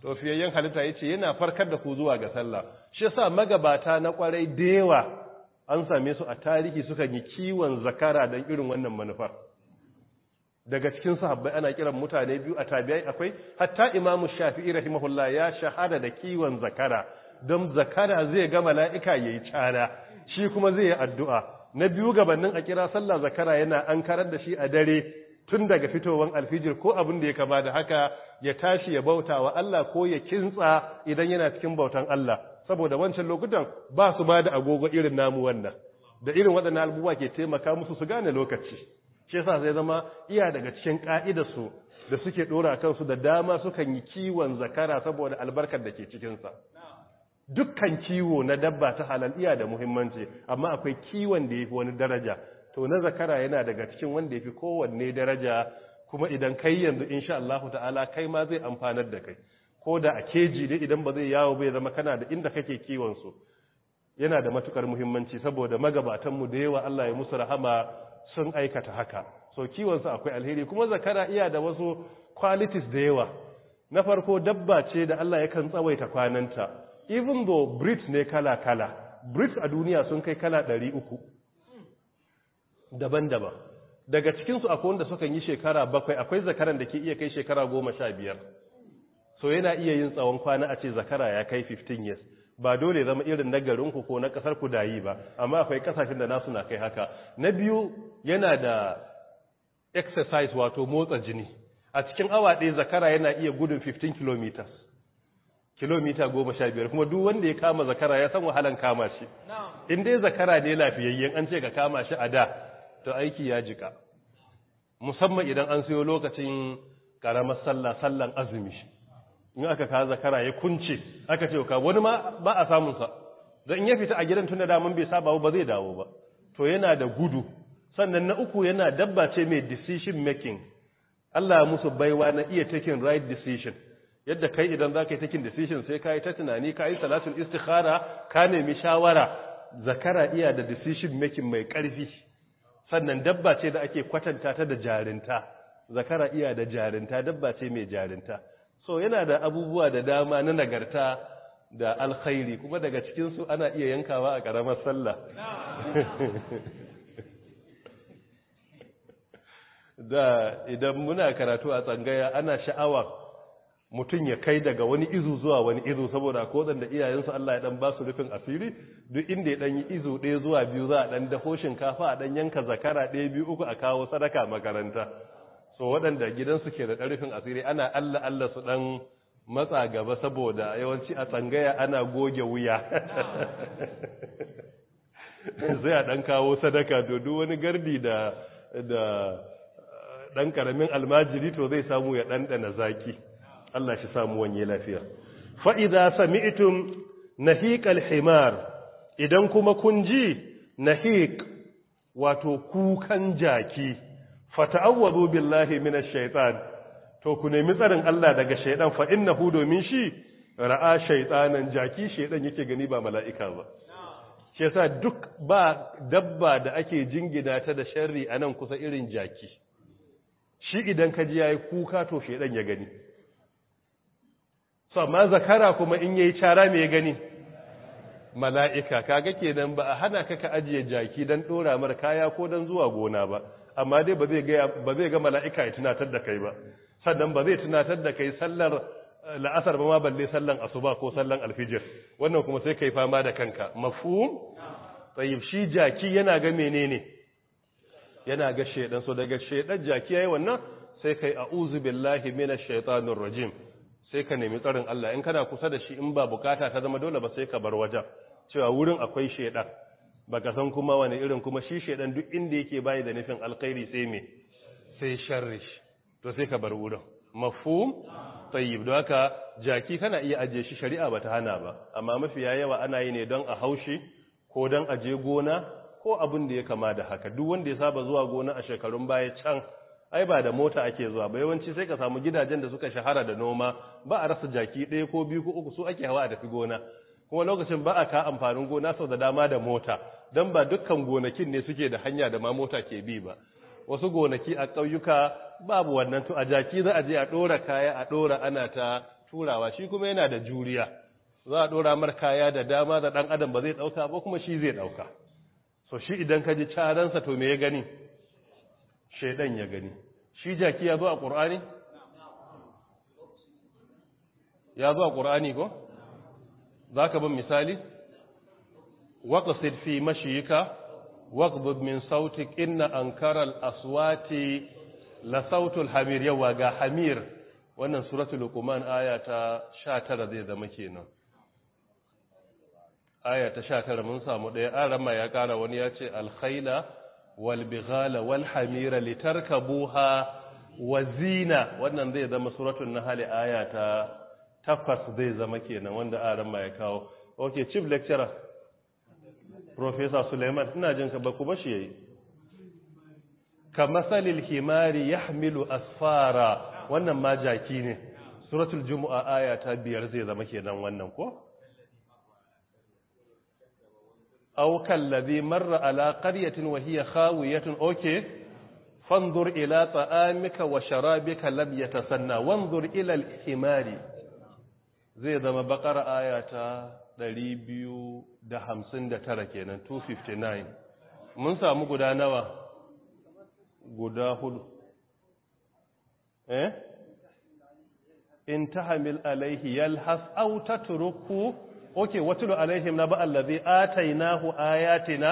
to fiyayyen halitta ya ce yana farkar da ku zuwa ga sallah shi sa magabata na kwarai da yawa an same su a tarihi suka yi kiwon zakara don irin wannan manufar daga cikin sahabbai ana kiran mutane biyu a tabi'ai akwai hatta imamu shafi'i rahimahullah ya shahada da kiwon zakara don zakara zai ga mala'ika yayi tsara shi kuma zai yi addu'a na biyu gabanin a kira sallah zakara yana ankarar da shi a dare tun daga fitowar alfijir ko abin da ya kama da haka ya tashi ya bauta wa Allah ko ya kintsa idan yana cikin bautan Allah saboda wancan lokutan ba su ba da agogo irin namu wannan da irin waɗannan abubuwa ke taimaka musu su gane lokaci shi yasa sai zama iya daga cikin su da suke dora kansu da dama sukan yi kiwon zakara saboda albarkar da ke cikin sa dukkan kiwo na dabba ta halal iya da muhimmanci amma akwai kiwon da yafi wani daraja to na zakara yana daga cikin wanda yafi kowanne daraja kuma idan kai yanzu insha Allah ta'ala kai ma zai amfanar da kai ko da a keji dai idan ba zai yawo bai zama kana da inda kake kiwon su yana da matukar muhimmanci saboda magabatanmu da yawa Allah ya musu rahama sun aikata haka so kiwonsu akwai alheri kuma zakara iya da wasu qualities da yawa na farko dabba ce da Allah yakan tsawaita kwananta even though breed ne kala kala breed a duniya sun kai kala 300 daban-daban daga cikinsu akwai wanda sukan yi shekara bakwai akwai zakaran da ke iya kai shekara goma sha biyar so yana iya yin tsawon kwana a ce zakara ya kai 15 years ba dole zama irin na garinku ko na kasar ku dayi ba amma akwai kasashen da nasu na kai haka na biyu yana da exercise wato motsa jini a cikin awa ɗaya zakara yana iya gudun 15 kilometers kilomita goma sha biyar kuma duk wanda ya kama zakara ya san wahalan kama shi in dai zakara ne lafiyayyen an ce ka kama shi a da to aiki ya jika musamman idan an sayo lokacin karamar sallah sallan azumi in aka ka zakara ya kunce aka ce ka wani ma ba a samunsa don in ya fita a gidan tun da daman bai saba ba zai dawo ba to yana da gudu sannan na uku yana dabba ce mai decision making Allah musu baiwa na iya taking right decision yadda kai idan za ka yi taking decision sai ka yi ta tunani ka yi salatul istikhara ka nemi shawara zakara iya da decision making mai ƙarfi sannan dabba ce da ake kwatanta ta da jarinta zakara iya da jarinta dabba ce mai jarinta so yana da abubuwa da dama na nagarta da alkhairi kuma daga cikin su ana iya yankawa a ƙaramar sallah da idan muna karatu a tsangaya ana sha'awa mutum ya kai daga wani izu zuwa wani izu saboda ko da iyayensu Allah ya dan ba su rufin asiri duk inda ya dan yi izu ɗaya zuwa biyu za a dan dafo shinkafa a dan yanka zakara ɗaya biyu uku a kawo sadaka makaranta so waɗanda gidansu ke da ɗarfin asiri ana Allah Allah su ɗan matsa gaba saboda yawanci a tsangaya ana goge wuya sai a ɗan kawo sadaka dodo wani gardi da eh, ɗan ƙaramin almajiri to zai samu ya ɗanɗana zaki Allah shi samu wanye lafiya fa'iza na nahiq alhimar idan kuma kun ji na hiƙ wato kukan jaki fata'awwadu billahi minash shaitan to ku nemi tsarin Allah daga shaitan fa innahu domin shi ra'a shaitanan jaki shaitan yake gani ba mala'ika ba shi yasa duk ba dabba da ake jingina ta da sharri anan kusa irin jaki shi idan ka ji yayi kuka to shaitan ya gani so amma zakara kuma in yayi cara me ya gani mala'ika kaga kenan ba a hana ka ka ajiye jaki dan dora mar kaya ko dan zuwa gona ba amma dai ba zai ga mala'ika ya tunatar da kai ba sannan ba zai tunatar da kai sallar eh, la'asar ba ma balle sallan asuba ko sallan alfijir wannan kuma sai kai fama da kanka mafu tayyib shi jaki yana ga menene yana ga shaidan so daga shaidan jaki ya yi wannan sai kai a uzu billahi minash shaitanun rajim sai ka nemi tsarin Allah in kana kusa da shi in ba bukata ta zama dole ba sai ka bar wajen cewa wurin akwai shaidan baka san kuma wani irin kuma shi shaidan duk inda yake bayi da nufin alkhairi sai me sai sharri to sai ka bar wurin mafhum tayyib don haka jaki kana iya ajiye shi shari'a bata hana ba amma mafi yawa ana yi ne don a haushi ko don aje gona ko abin da ya kama da haka duk wanda ya saba zuwa gona a shekarun baya can ai ba da mota ake zuwa ba yawanci sai ka samu gidajen da suka shahara da noma ba a rasa jaki ɗaya ko biyu ko uku su ake hawa a tafi gona kuma lokacin ba a ka amfanin gona sau da dama da mota don ba dukkan gonakin ne suke da hanya da ma mota ke bi ba wasu gonaki a ƙauyuka babu wannan to a jaki za a je a ɗora kaya a ɗora ana ta turawa shi kuma yana da juriya za a ɗora mar kaya da dama da ɗan adam ba zai ɗauka ba kuma shi zai ɗauka so shi idan ka ji caransa to me ya gani shaidan ya gani shi jaki ya zo a ƙur'ani ya zo a ƙur'ani ko za ka bin misali waqsid fi mashiyika waqbud min Sauti, inna ankaral aswati la sautul hamir yawa ga hamir wannan suratul luqman aya ta 19 zai zama kenan aya ta 19 mun samu ɗaya arama ya kara wani ya ce alkhaila wal bighala wal hamira litarkabuha wa zina wannan zai zama suratul nahl aya ta tafas zai zama kenan wanda aran ma ya kawo ok chief lecturer professor suleiman ina jin ka ba ku bashi yayi ka masalil himari yahmilu asfara wannan ma jaki ne suratul jumu'a aya ta biyar zai zama kenan wannan ko aw kallazi marra ala qaryatin wa hiya khawiyatun okay fanzur ila ta'amika wa sharabika lam yatasanna wanzur himari zai zama bakar aya ta 259 kenan 259 mun samu guda nawa guda hudu eh in tahamil alaihi yalhas aw tatruku okay watlu alaihim naba allazi atainahu ayatina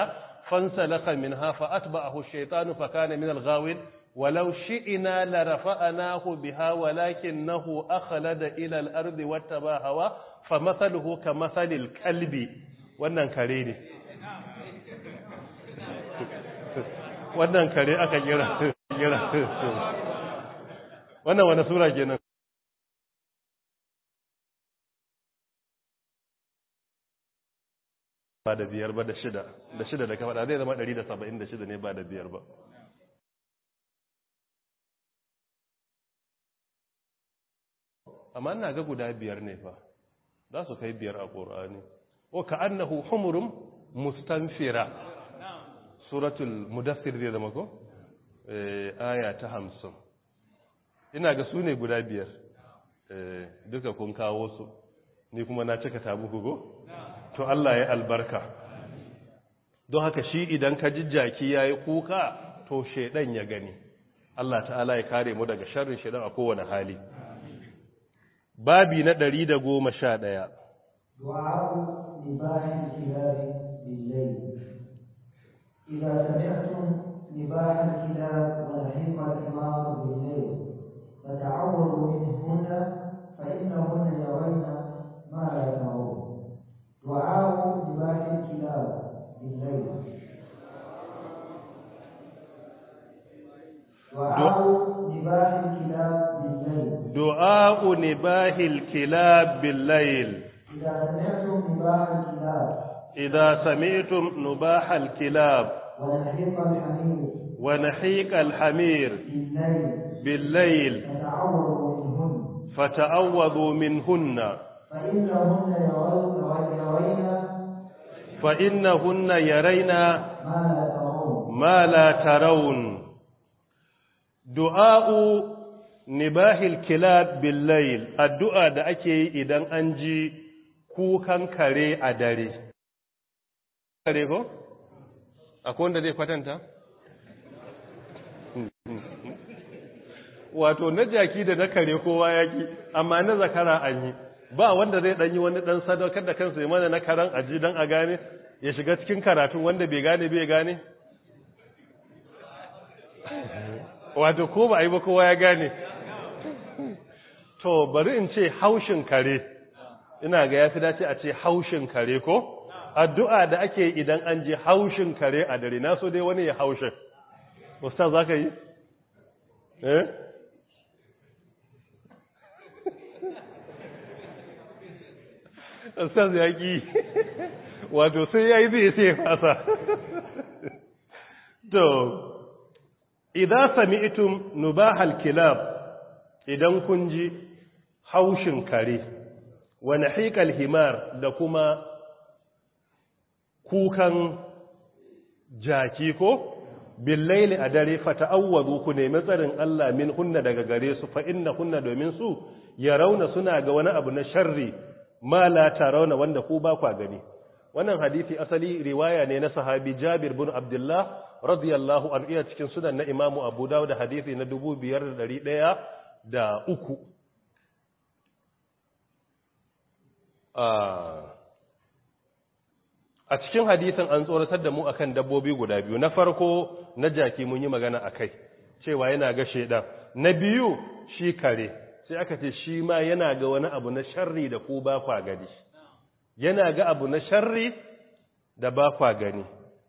fansalaka minha fa atba'ahu ash-shaytanu fa kana min al-ghawin ولو شئنا لرفعناه بها biha أخلد إلى الأرض واتبع هوا فمثله كمثل الكلب kalbi wannan kare ne wannan kare aka kira kira wannan wani sura kenan ba da biyar ba da shida da shida da kafaɗa zai zama 176 ne ba da biyar ba amma ina ga guda biyar ne fa za su kai biyar a ƙorani o ka annahu humurin mustanfira suratul mudassir zai zama ko eh, aya ta hamsin ina ga su ne guda biyar eh, duka kun kawo su ni kuma na cika tabu hugo to Allah ya albarka don haka shi idan ka jijjaki ya yi kuka to shaidan ya gani Allah ta'ala ya kare mu daga sharrin shaidan a kowane hali babi na ɗari da goma sha ɗaya. Du'a'u nibahin kilabi yi الكلاب بالليل إذا سمعتم نباح الكلاب إذا سمعتم نباح الكلاب ونحيق الحمير بالليل, بالليل فتعوضوا منهن فإنهن يرين ما لا ترون دعاء nibahil kilab billayl addu'a da ake yi idan an ji kukan kare a dare kare ko akwai wanda zai kwatanta hmm, hmm, hmm. wato na jaki da na kare kowa yaki amma na zakara an yi ba wanda zai danyi wani dan sadaukar da kansa ya mana na karan aji dan a gane ya shiga cikin karatu wanda bai gane bai gane wato ko ba a yi ba kowa ya gane to bari in ce haushin kare ina ga yafi dace a ce haushin kare ko addu'a da ake idan an ji haushin kare a dare na so dai wani ya haushin ustaz zaka yi eh ustaz ya ki wato sai ya yi zai sai fasa to idan sami'tum nubahal kilab idan kun ji haushin kare wani haikal himar da kuma kukan jaki ko billaili a dare fata'awwadu ku nemi tsarin Allah min hunna daga gare su fa inna hunna domin su ya rauna suna ga wani abu na sharri ma la rauna wanda ku ba kwa gani wannan hadisi asali riwaya ne na sahabi Jabir bin Abdullah radiyallahu anhu cikin sunan na Imam Abu da hadisi na da uku. a cikin hadisin an tsoratar da mu akan dabbobi guda biyu na farko na jaki mun yi magana akai cewa yana ga shaidan, na biyu shi kare sai aka ce shi ma yana ga wani abu na sharri da ku ba kwa gani yana ga abu na sharri da ba kwa gani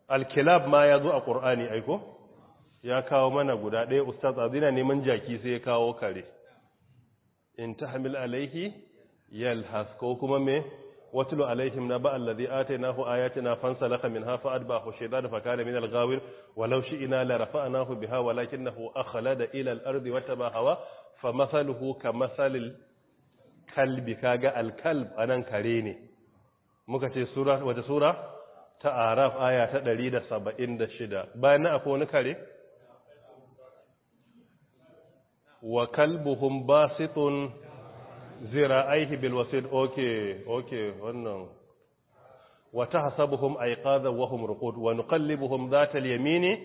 alkilab ma ya zo a ƙur'ani aiko ya kawo mana guda ɗaya ustaz yana neman jaki sai ya kawo kare in tahmil alaihi yalhas ko kuma me watlu alaihim naba allazi atainahu ayatina fansalakha minha fa'atba'ahu shaytan fakana min al-ghawir walau shi'na la rafa'nahu biha walakinahu akhlada ila al-ardi wataba hawa famathaluhu kamathalil kalbi kaga al-kalb anan kare ne muka ce sura wata sura ta araf aya ta 176 bayan na akwai wani kare wa kalbuhum basitun zira aihi bilwasid oke oke wannan wata hasabuhum aiqadha wa hum ruqud wa nuqallibuhum dhata al-yamini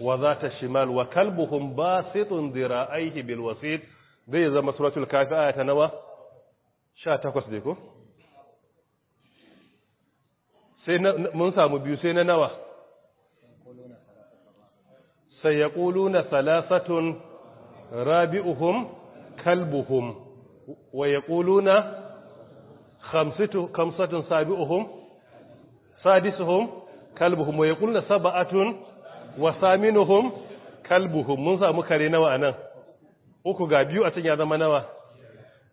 wa dhata shimal wa kalbuhum basitun dhira'aihi bilwasid zai zama suratul kafi ayata nawa 18 dai ko sai mun samu biyu sai na nawa sai yaquluna salasatun rabi'uhum kalbuhum wa yaquluna khamsatu khamsatun sabi'uhum sadisuhum kalbuhum wa yaquluna sab'atun wa saminuhum kalbuhum mun samu kare nawa anan uku ga biyu a can ya zama nawa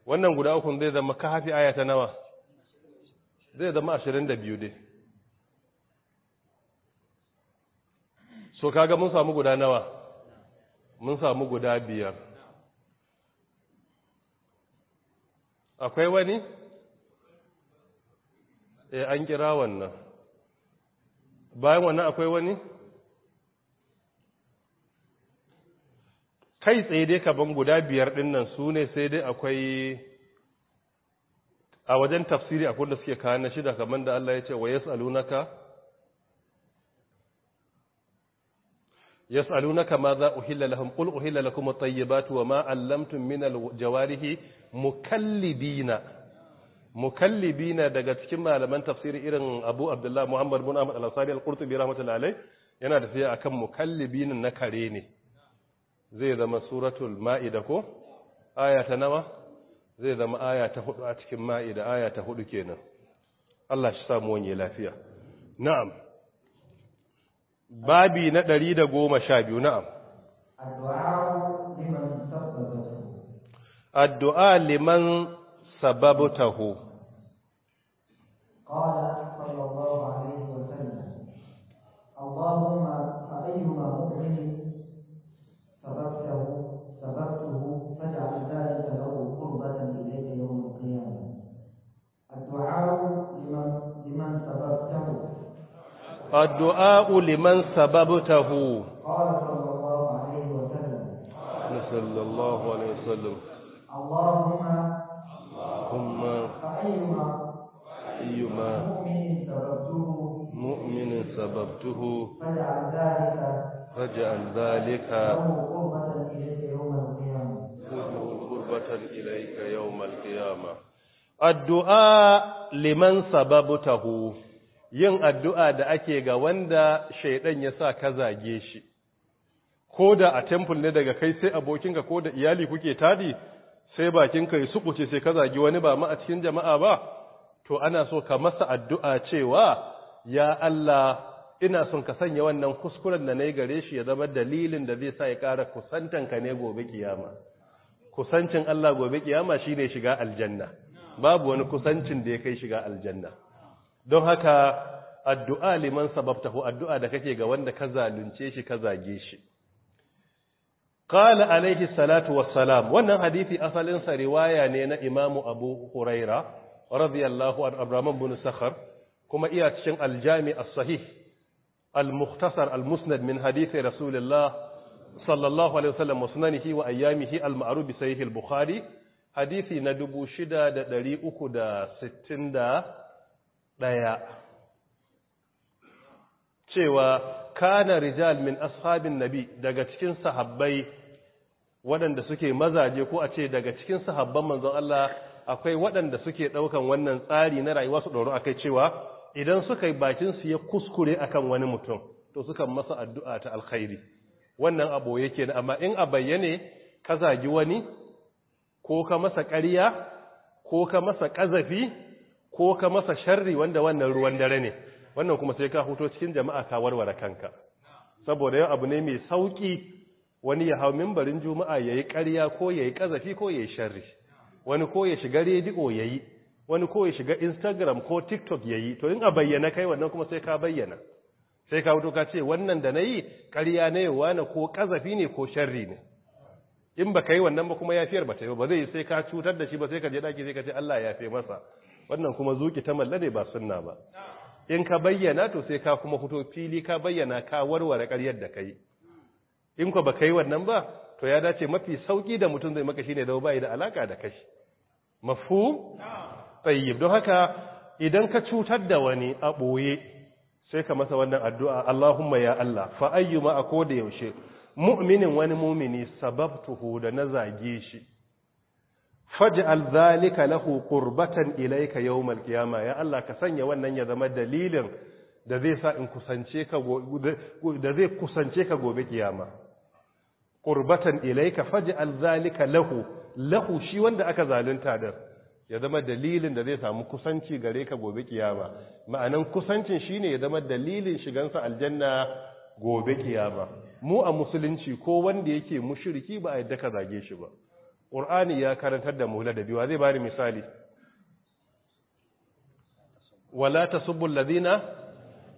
wannan guda uku zai zama kafi aya ta nawa zai zama 22 dai so kaga mun samu guda nawa mun samu guda biyar akwai wani e an kira wannan bayan wannan akwai wani kai tsaye dai kaban guda biyar dinnan su ne sai dai akwai a wajen tafsiri akwai da suke kayan na shida kaban da Allah ya ce wa alunaka yas'alunaka ma za uhilla lahum qul uhilla lakum at-tayyibatu wa 'allamtum min al-jawarihi mukallibina mukallibina daga cikin malaman tafsiri irin Abu Abdullah Muhammad bin Ahmad al-Asadi al-Qurtubi rahmatullahi alayh yana tafiya akan mukallibin na kare ne zai zama suratul ma'ida ko aya ta nawa zai zama aya ta hudu a cikin ma'ida aya ta hudu kenan Allah shi samu wani lafiya na'am babi na ɗari da goma sha biyu na'am addu'a liman sababtahu Addu'a'u liman uliman sababtahu ƙwararwa a haihuwa ta da ƙwararwa alaihi wasallam allahumma ayyuma mu'minin sababtuhu raja al-zalika ƙurbatan ilaika yau mal’iyama addu’a liman sababtahu ƙwararwa yin addu'a da ake ga wanda shaidan ya sa ka zage shi ko da a temple ne daga kai sai abokinka ko da iyali kuke tadi sai bakinka ya sukuce sai ka zagi wani ba ma a cikin jama'a ba to ana so ka masa addu'a cewa ya Allah ina son ka sanya wannan kuskuren da na yi gare shi ya zama dalilin da zai sa ya ƙara kusantanka ne gobe kiyama kusancin Allah gobe kiyama shine shiga aljanna babu wani kusancin da ya kai shiga aljanna don haka addu'a liman sababtahu addu'a da kake ga wanda ka zalunce shi ka zage shi qala alaihi salatu wassalam wannan hadisi asalin sa riwaya ne na imamu abu huraira radiyallahu an bin sakhar kuma iya cikin aljami as-sahih al-mukhtasar al-musnad min hadisi rasulullah sallallahu alaihi wasallam wa sunanihi wa ayyamihi al-ma'ruf bi sahih al-bukhari hadithi na 6360 ɗaya cewa kana rijal min ashabin nabi daga cikin sahabbai waɗanda suke mazaje ko a ce daga cikin sahabban manzon Allah akwai waɗanda suke ɗaukan wannan tsari na rayuwa su ɗoro akai cewa idan suka yi bakinsu ya kuskure akan wani mutum to sukan masa addu'a ta alkhairi wannan abu yake amma in a bayyane ka zagi wani ko ka masa ƙarya ko ka masa ƙazafi ko ka masa sharri wanda wannan ruwan dare ne wannan kuma sai ka huto cikin jama'a ka warware kanka saboda yau abu ne mai sauki wani ya hau mimbarin juma'a yi ƙarya ko ya yi kazafi ko ya yi sharri wani ko ya shiga rediyo ya yi wani ko ya shiga Instagram ko TikTok ya yi to in a bayyana kai wannan kuma sai ka bayyana sai ka huto ka ce wannan da nayi ƙarya ne wani ko kazafi ne ko sharri ne in ba ka yi wannan ba kuma yafiyar ba ta yi ba zai sai ka cutar da shi ba sai ka je daki sai ka ce Allah ya yafe masa wannan kuma zuki ta malla ne ba sunna ba in ka bayyana to sai ka kuma fito fili ka bayyana ka warware karyar da kai in ka ba kai wannan ba to ya dace mafi sauki da mutum zai maka shine da bai da alaka da kashi. mafhum tayyib don haka idan ka cutar da wani a sai ka masa wannan addu'a Allahumma ya Allah fa ayyuma akoda yaushe mu'minin wani mu'mini sababtuhu da na zage shi faj'al zalika lahu qurbatan ilayka yawmal qiyama ya Allah ka sanya wannan ya zama dalilin da zai sa in kusance ka da zai kusance ka gobe kiyama qurbatan ilayka faj'al zalika lahu lahu shi wanda aka zalunta da ya zama dalilin da zai samu kusanci gare ka gobe kiyama ma'anan kusancin shine ya zama dalilin shigansa aljanna gobe kiyama mu a musulunci ko wanda yake mushriki ba a yadda ka zage shi ba ƙur'ani ya karantar da mu ladabi wa zai bari misali wala tasubbu alladhina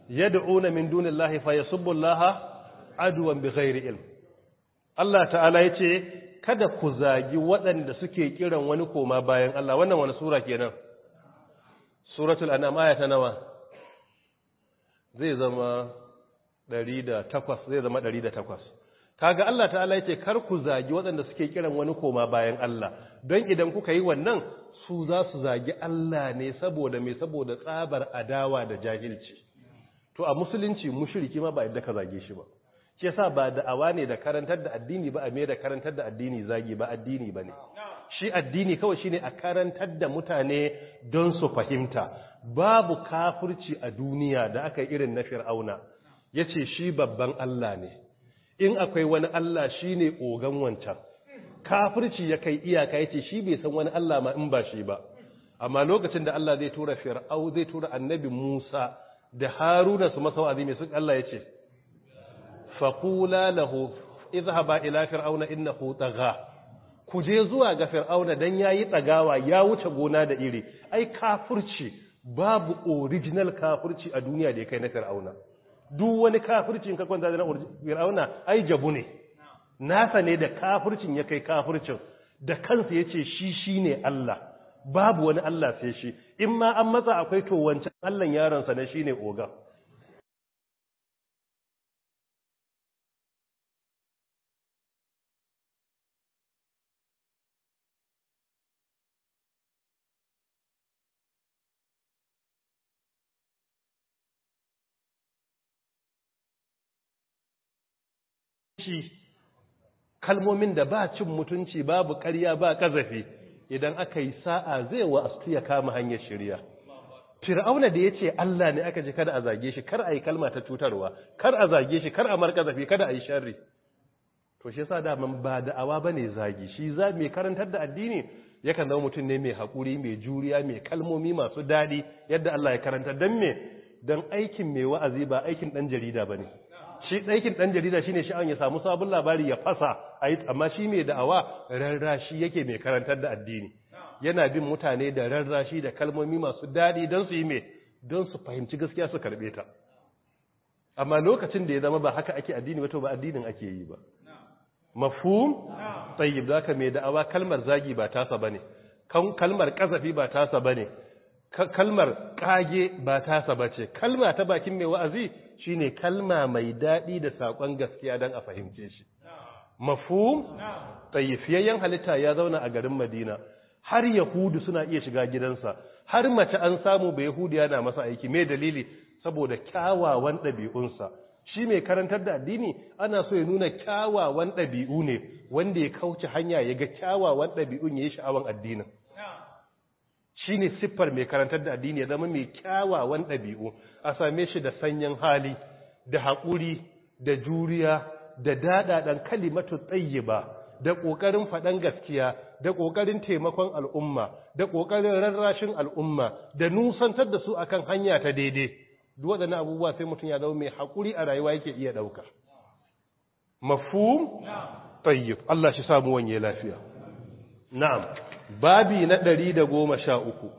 yad'una min dunillahi fayasubbu allaha adwan bighairi ilm Allah ta'ala yace kada ku zagi waɗanda suke kiran wani koma bayan Allah wannan wani sura kenan suratul an'am aya ta nawa zai zama 108 zai zama 108 kaga Allah ta'ala yace kar ku zagi waɗanda suke kiran wani koma bayan Allah don idan kuka yi wannan su za su zagi Allah ne saboda me saboda tsabar adawa da jahilci to a musulunci mushriki ma ba yadda ka zage shi ba shi yasa ba da'awa ne da karantar da addini ba a me da karantar da addini zagi ba addini bane shi addini kawai shine a karantar da mutane don su fahimta babu kafirci a duniya da aka irin na fir'auna yace shi babban Allah ne in akwai wani Allah shine ogan wancan kafirci ya kai iyaka ya ce shi bai san wani Allah ma in ba shi ba amma lokacin da Allah zai tura fir'au zai tura annabi Musa da Haruna su masa wa'azi mai sun Allah yace faqula lahu izhaba ila fir'auna innahu tagha ku je zuwa ga fir'auna dan yayi tsagawa ya wuce gona da iri ai kafirci babu original kafirci a duniya da ya kai na fir'auna duk wani kafircin ka kwanta fir'auna ai jabu ne nasa ne da kafircin ya kai kafircin da kansa ya ce shi shine Allah babu wani Allah sai shi in ma an matsa akwai to wancan yaransa yaron sa ne shine ogan mutunci kalmomin da ba cin mutunci babu karya ba kazafi idan aka yi sa'a zai wasu ya kama hanyar shirya fir'auna da ya ce Allah ne aka ji kada a zage shi kar a yi kalma ta cutarwa kar a zage shi kar a kazafi, kada a yi sharri to shi sa daman ba da'awa ne zagi shi za mai karantar da addini yakan zama mutum ne mai haƙuri mai juriya mai kalmomi masu daɗi yadda Allah ya karanta don me don aikin mai wa'azi ba aikin ɗan jarida ba ne shi ɗaikin ɗan jarida shi ne sha'an ya samu sabon labari ya fasa a yi amma shi mai da'awa rarrashi yake mai karantar da addini yana bin mutane da rarrashi da kalmomi masu daɗi don su yi mai don su fahimci gaskiya su karɓe ta amma lokacin da ya zama ba haka ake addini wato ba addinin ake yi ba mafhum tayyib ka mai da'awa kalmar zagi ba tasa bane kalmar kazafi ba tasa bane kalmar Kage ba tasa ba ce kalma ta bakin mai wa'azi shine kalma mai daɗi da saƙon gaskiya don a fahimce shi mafhum tsayyafiyayyen halitta ya zauna a garin madina har yahudu suna iya shiga gidansa har mace an samu bai yahudu yana masa aiki mai dalili saboda kyawawan ɗabi'unsa shi mai karantar da addini ana so ya nuna kyawawan ɗabi'u ne wanda ya kauce hanya ya ga kyawawan ɗabi'un ya yi sha'awan addinin shine siffar mai karantar da addini ya zama mai kyawawan ɗabi'u a same shi da sanyin hali da haƙuri da juriya da daɗaɗan kalimatu ba, da ƙoƙarin faɗan gaskiya da ƙoƙarin taimakon al'umma da ƙoƙarin rarrashin al'umma da nusantar da su akan hanya ta daidai duk waɗannan abubuwa sai mutum ya zama mai haƙuri a rayuwa yake iya ɗauka mafhum tayyib Allah shi samu wanye lafiya na'am babi na ɗari da goma sha uku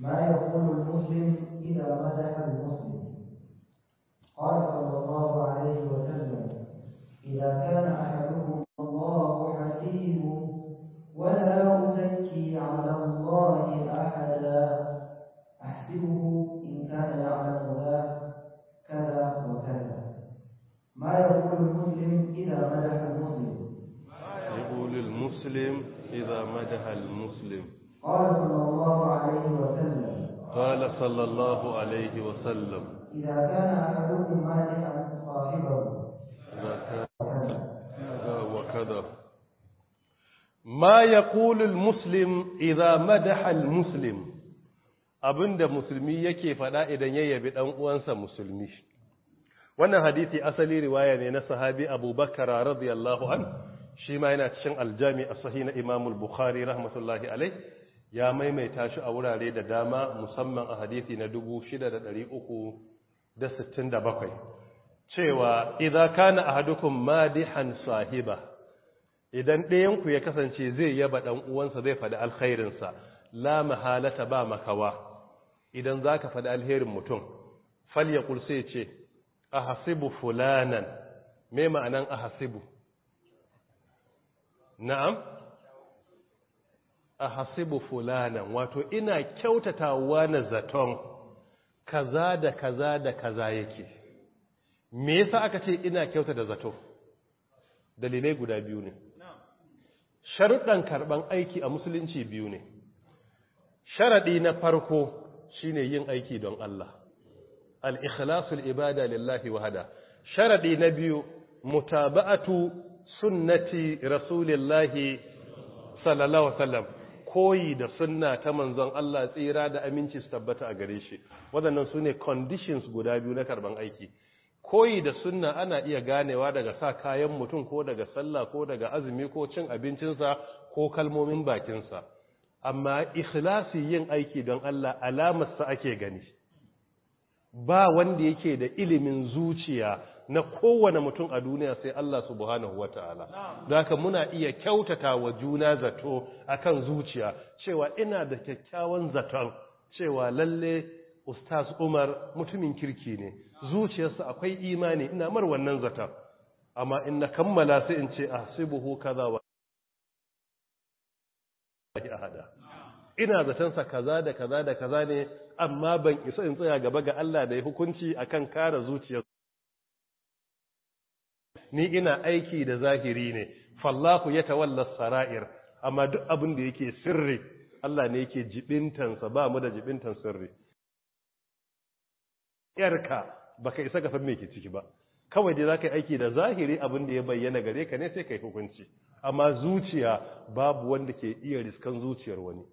ما يقول المسلم إذا مدح المسلم قال صلى الله عليه وسلم صلى الله عليه وسلم إذا كان أحدكم صاحبه وكذا ما يقول المسلم إذا مدح المسلم abinda musulmi yake fada idan ya yabi dan uwansa musulmi wannan hadisi asali riwaya ne na sahabi abubakar radiyallahu an shi ma yana cikin aljami as-sahih na imam al-bukhari rahmatullahi alayh ya maimaita shi a wurare da dama musamman a hadithi na 6367 cewa idan kana ahadukum madihan sahiba idan ɗayanku ya kasance zai yaba dan uwansa zai faɗi alkhairinsa la mahalata ba makawa idan zaka faɗi alherin mutum falya sai ce ahasibu fulanan me ma'anan ahasibu na'am a hasibu fulanan wato ina kyautata wani zaton kaza da kaza da kaza yake me yasa aka ce ina kyautata zato dalilai guda biyu ne sharuɗan karɓan aiki a musulunci biyu ne sharaɗi na farko shine yin aiki don Allah al-ikhlasul ibada lillahi wahada sharaɗi na biyu mutaba'atu sunnati rasulillahi sallallahu alaihi wasallam koyi da sunna ta manzon Allah tsira da aminci su tabbata a gare shi waɗannan su ne conditions guda biyu na karban aiki koyi da sunna ana iya ganewa daga sa kayan mutum ko daga sallah ko daga azumi ko cin abincinsa ko kalmomin bakinsa amma ikhlasi yin aiki don Allah alamarsa ake gani ba wanda yake da ilimin zuciya na kowane mutum a duniya sai Allah subhanahu wata'ala zaka muna iya kyautata wa juna zato akan zuciya cewa ina da kyakkyawan zaton cewa lalle ustaz Umar mutumin kirki ne zuciyarsa akwai imani ina mar wannan zaton amma in na kammala sai in ce ahsibuhu kaza wa ahada ina sa kaza da kaza da kaza ne amma ban isa in tsaya gaba ga Allah da ya hukunci akan kare zuciyarsa ni ina aiki da zahiri ne fallahu ya tawalla sara'ir amma duk abin da yake sirri Allah ne yake jibintansa ba mu da jibintan sirri yarka baka isa ka san me ke ciki ba kawai dai zaka yi aiki da zahiri abin da ya bayyana gare ka ne sai kai hukunci amma zuciya babu wanda ke iya riskan zuciyar wani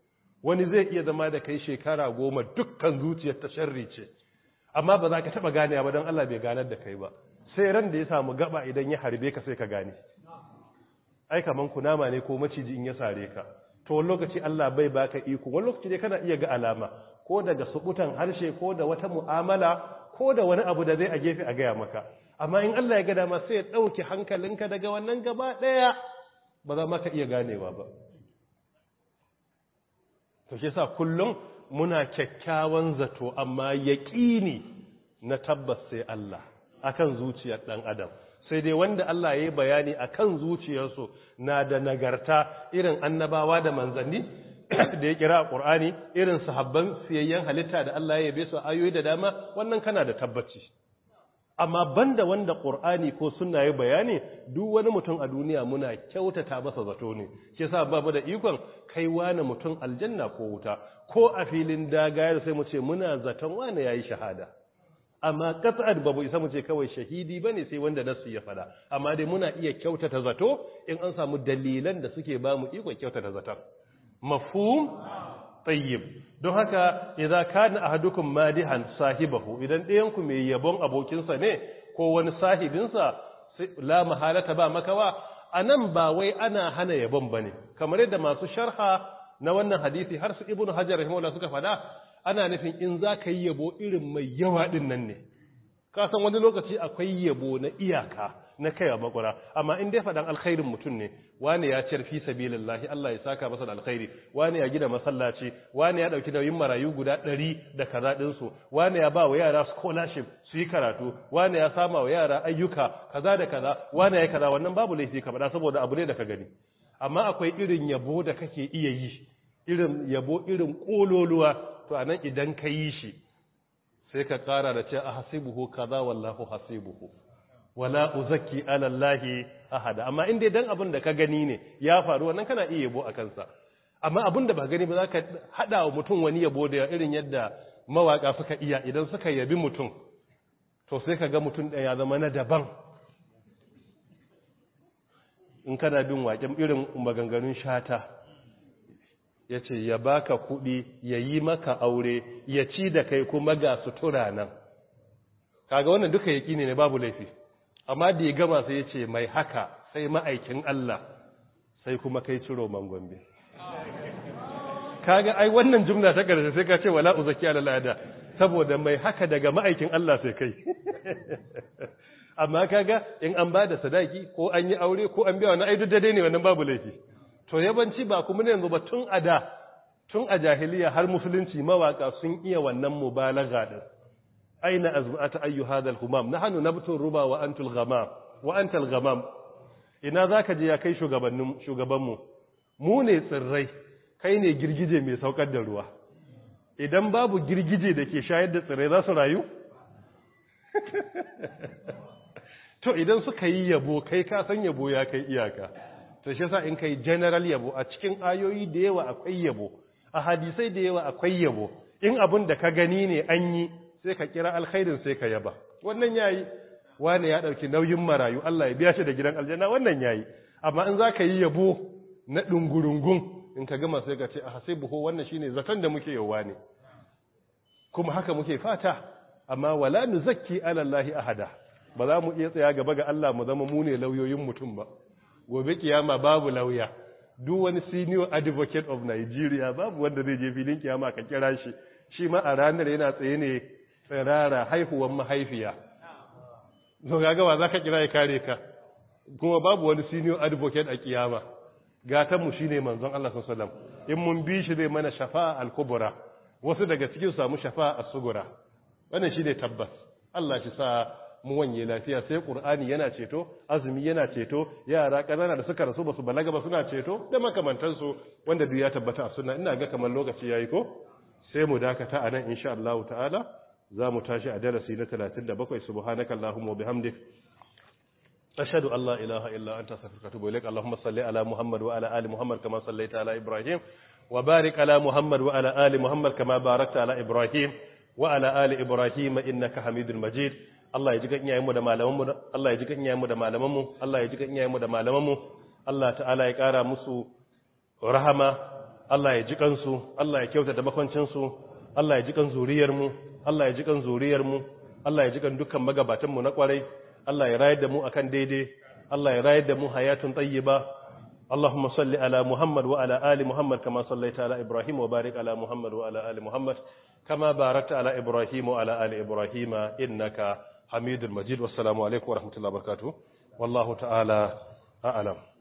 wani zai iya zama da kai shekara goma dukkan zuciyar ta sharri ce amma ba za ka taba ganewa ba don Allah bai ganar da kai ba sai ran da ya samu gaba idan ya harbe ka sai ka gane ai kaman kunama ne ko maciji in ya sare ka to wani lokaci Allah bai baka iko wani lokaci dai kana iya ga alama ko daga subutan harshe ko da wata mu'amala ko da wani abu da zai a gefe a gaya maka amma in Allah ya ga dama sai ya dauke hankalinka daga wannan gaba daya ba za maka iya ganewa ba to shi yasa kullum muna kyakkyawan zato amma yaqini na tabbas sai Allah akan zuciyar dan adam sai dai wanda Allah ya yi bayani akan zuciyarsu na da nagarta irin annabawa da manzanni da ya kira a Qur'ani irin sahabban siyayyen halitta da Allah ya yabe su ayoyi da dama wannan kana da tabbaci amma banda wanda Qur'ani ko sunna ya bayani duk wani mutum a duniya muna kyautata masa zato ne ke sa babu da ikon kai wani mutum aljanna ko wuta ko a filin dagaya sai mu ce muna zaton wani yayi shahada amma kat'ad babu isa mu ce kawai shahidi bane sai wanda nasu ya fada amma dai muna iya kyautata zato in an samu dalilan da suke bamu mu iko kyautata zaton mafhum tayyib don haka idza kana ahadukum madihan sahibahu idan ɗayan ku mai yabon abokinsa ne ko wani sahibinsa la mahalata ba makawa anan ba wai ana hana yabon bane kamar yadda masu sharha na wannan hadisi har su ibnu hajar rahimahullah suka fada ana nufin in za ka yi yabo irin mai yawa ɗin nan ne kasan wani lokaci akwai yabo na iyaka na kai wa makwara amma in dai faɗan alkhairin mutum ne wani ya ciyar fi lallahi Allah ya saka masa da alkhairi wani ya gina masallaci wani ya ɗauki nauyin marayu guda ɗari da kaza ɗinsu wani ya ba wa yara scholarship su yi karatu wani ya sama wa yara ayyuka kaza da kaza wani ya kaza wannan babu laifi ka faɗa saboda abu ne da ka gani amma akwai irin yabo da kake iya yi irin yabo irin kololuwa to nan idan ka yi shi sai ka kara da ce a hasibuhu kaza wallahu hasibuhu wala uzakki alallahi. A ahada amma in dai dan abin da ka gani ne ya faru wannan kana iya yabo a kansa amma abin da ba gani ba za ka hada wa mutum wani yabo da irin yadda mawaka suka iya idan suka yabi mutum to sai ka ga mutum ɗaya zama na daban in kana bin waƙen irin maganganun shata ya ce ya baka kuɗi ya yi maka aure ya ci da kai kuma ga sutura nan kaga wannan duka yaki ne babu laifi amma da ya gama sai ya ce mai haka sai ma'aikin Allah sai kuma kai ciro mangombe kaga ai wannan jumla ta karshe sai ka ce wala uzaki ala lada saboda mai haka daga ma'aikin Allah sai kai amma kaga in an ba da sadaki ko an yi aure ko an biya wani ai duk dai ne wannan babu laifi to yabanci ba kuma ne yanzu ba tun a da tun a jahiliya har musulunci mawaka sun iya wannan mubalaga din aina azmata ayu hadal humam nahnu nabtu ruba wa antul ghamam wa antal ghamam ina zaka je ya kai shugabannin shugabanmu mu ne tsirrai kai ne girgije mai saukar da ruwa idan babu girgije da ke shayar da tsirrai za su rayu to idan suka yi yabo kai ka san yabo ya kai iyaka to shi yasa in kai general yabo a cikin ayoyi da yawa akwai yabo a hadisai da yawa akwai yabo in abin da ka gani ne an yi sai ka kira alkhairin sai ka yaba wannan yayi wani ya dauki nauyin marayu Allah ya biya shi da gidan aljanna wannan yayi amma in zaka yi yabo na dungurungun in ka gama sai ka ce a buho wannan shine zaton da muke yawa ne kuma haka muke fata amma wala nuzakki ala allahi ahada ba za mu iya tsaya gaba ga Allah mu zama mu ne lauyoyin mutum ba gobe kiyama babu lauya duk wani senior advocate of Nigeria babu wanda zai je filin kiyama ka kira shi shi ma a ranar yana tsaye ne tsirara haihuwan mahaifiya so ga gawa ka kira ya kare ka kuma babu wani senior advocate a kiyama gatan mu shine manzon Allah sallallahu alaihi wasallam in mun bi shi zai mana shafa'a al-kubra wasu daga cikin su samu shafa'a as-sugura wannan shine tabbas Allah shi sa mu wanye lafiya sai qur'ani yana ceto azumi yana ceto yara kanana da suka rasu basu balaga ba suna ceto da makamantan su wanda duk ya tabbata a sunna ina ga kamar lokaci yayi ko sai mu dakata anan insha Allah ta'ala za mu tashi a darasi na 37 subhanakallahumma wa bihamdik أشهد أن لا إله إلا أنت أستغفرك وأتوب إليك اللهم صل على محمد وعلى آل محمد كما صليت على إبراهيم وبارك على محمد وعلى آل محمد كما باركت على Ibrahim وعلى آل إبراهيم إنك حميد مجيد Allah ya ji kan iyayenmu da malamanmu Allah ya ji kan iyayenmu da malamanmu Allah ya ji kan iyayenmu da malamanmu Allah ta'ala ya ƙara musu rahama Allah ya ji kansu Allah ya kyautata makwancin su Allah ya ji kan zuriyarmu. Allah ya ji kan zuriyarmu. Allah ya ji kan dukkan magabatanmu na kwarai Allah ya rayar da mu akan daidai Allah ya rayar da mu hayatun tayyiba اللهم صل على محمد وعلى آل محمد كما صليت على إبراهيم وبارك على محمد وعلى آل محمد كما باركت على إبراهيم وعلى آل إبراهيم إنك hamidul majid wassalamu alaikum warahmatullahi wabarakatuh wallahu ta'ala a'lam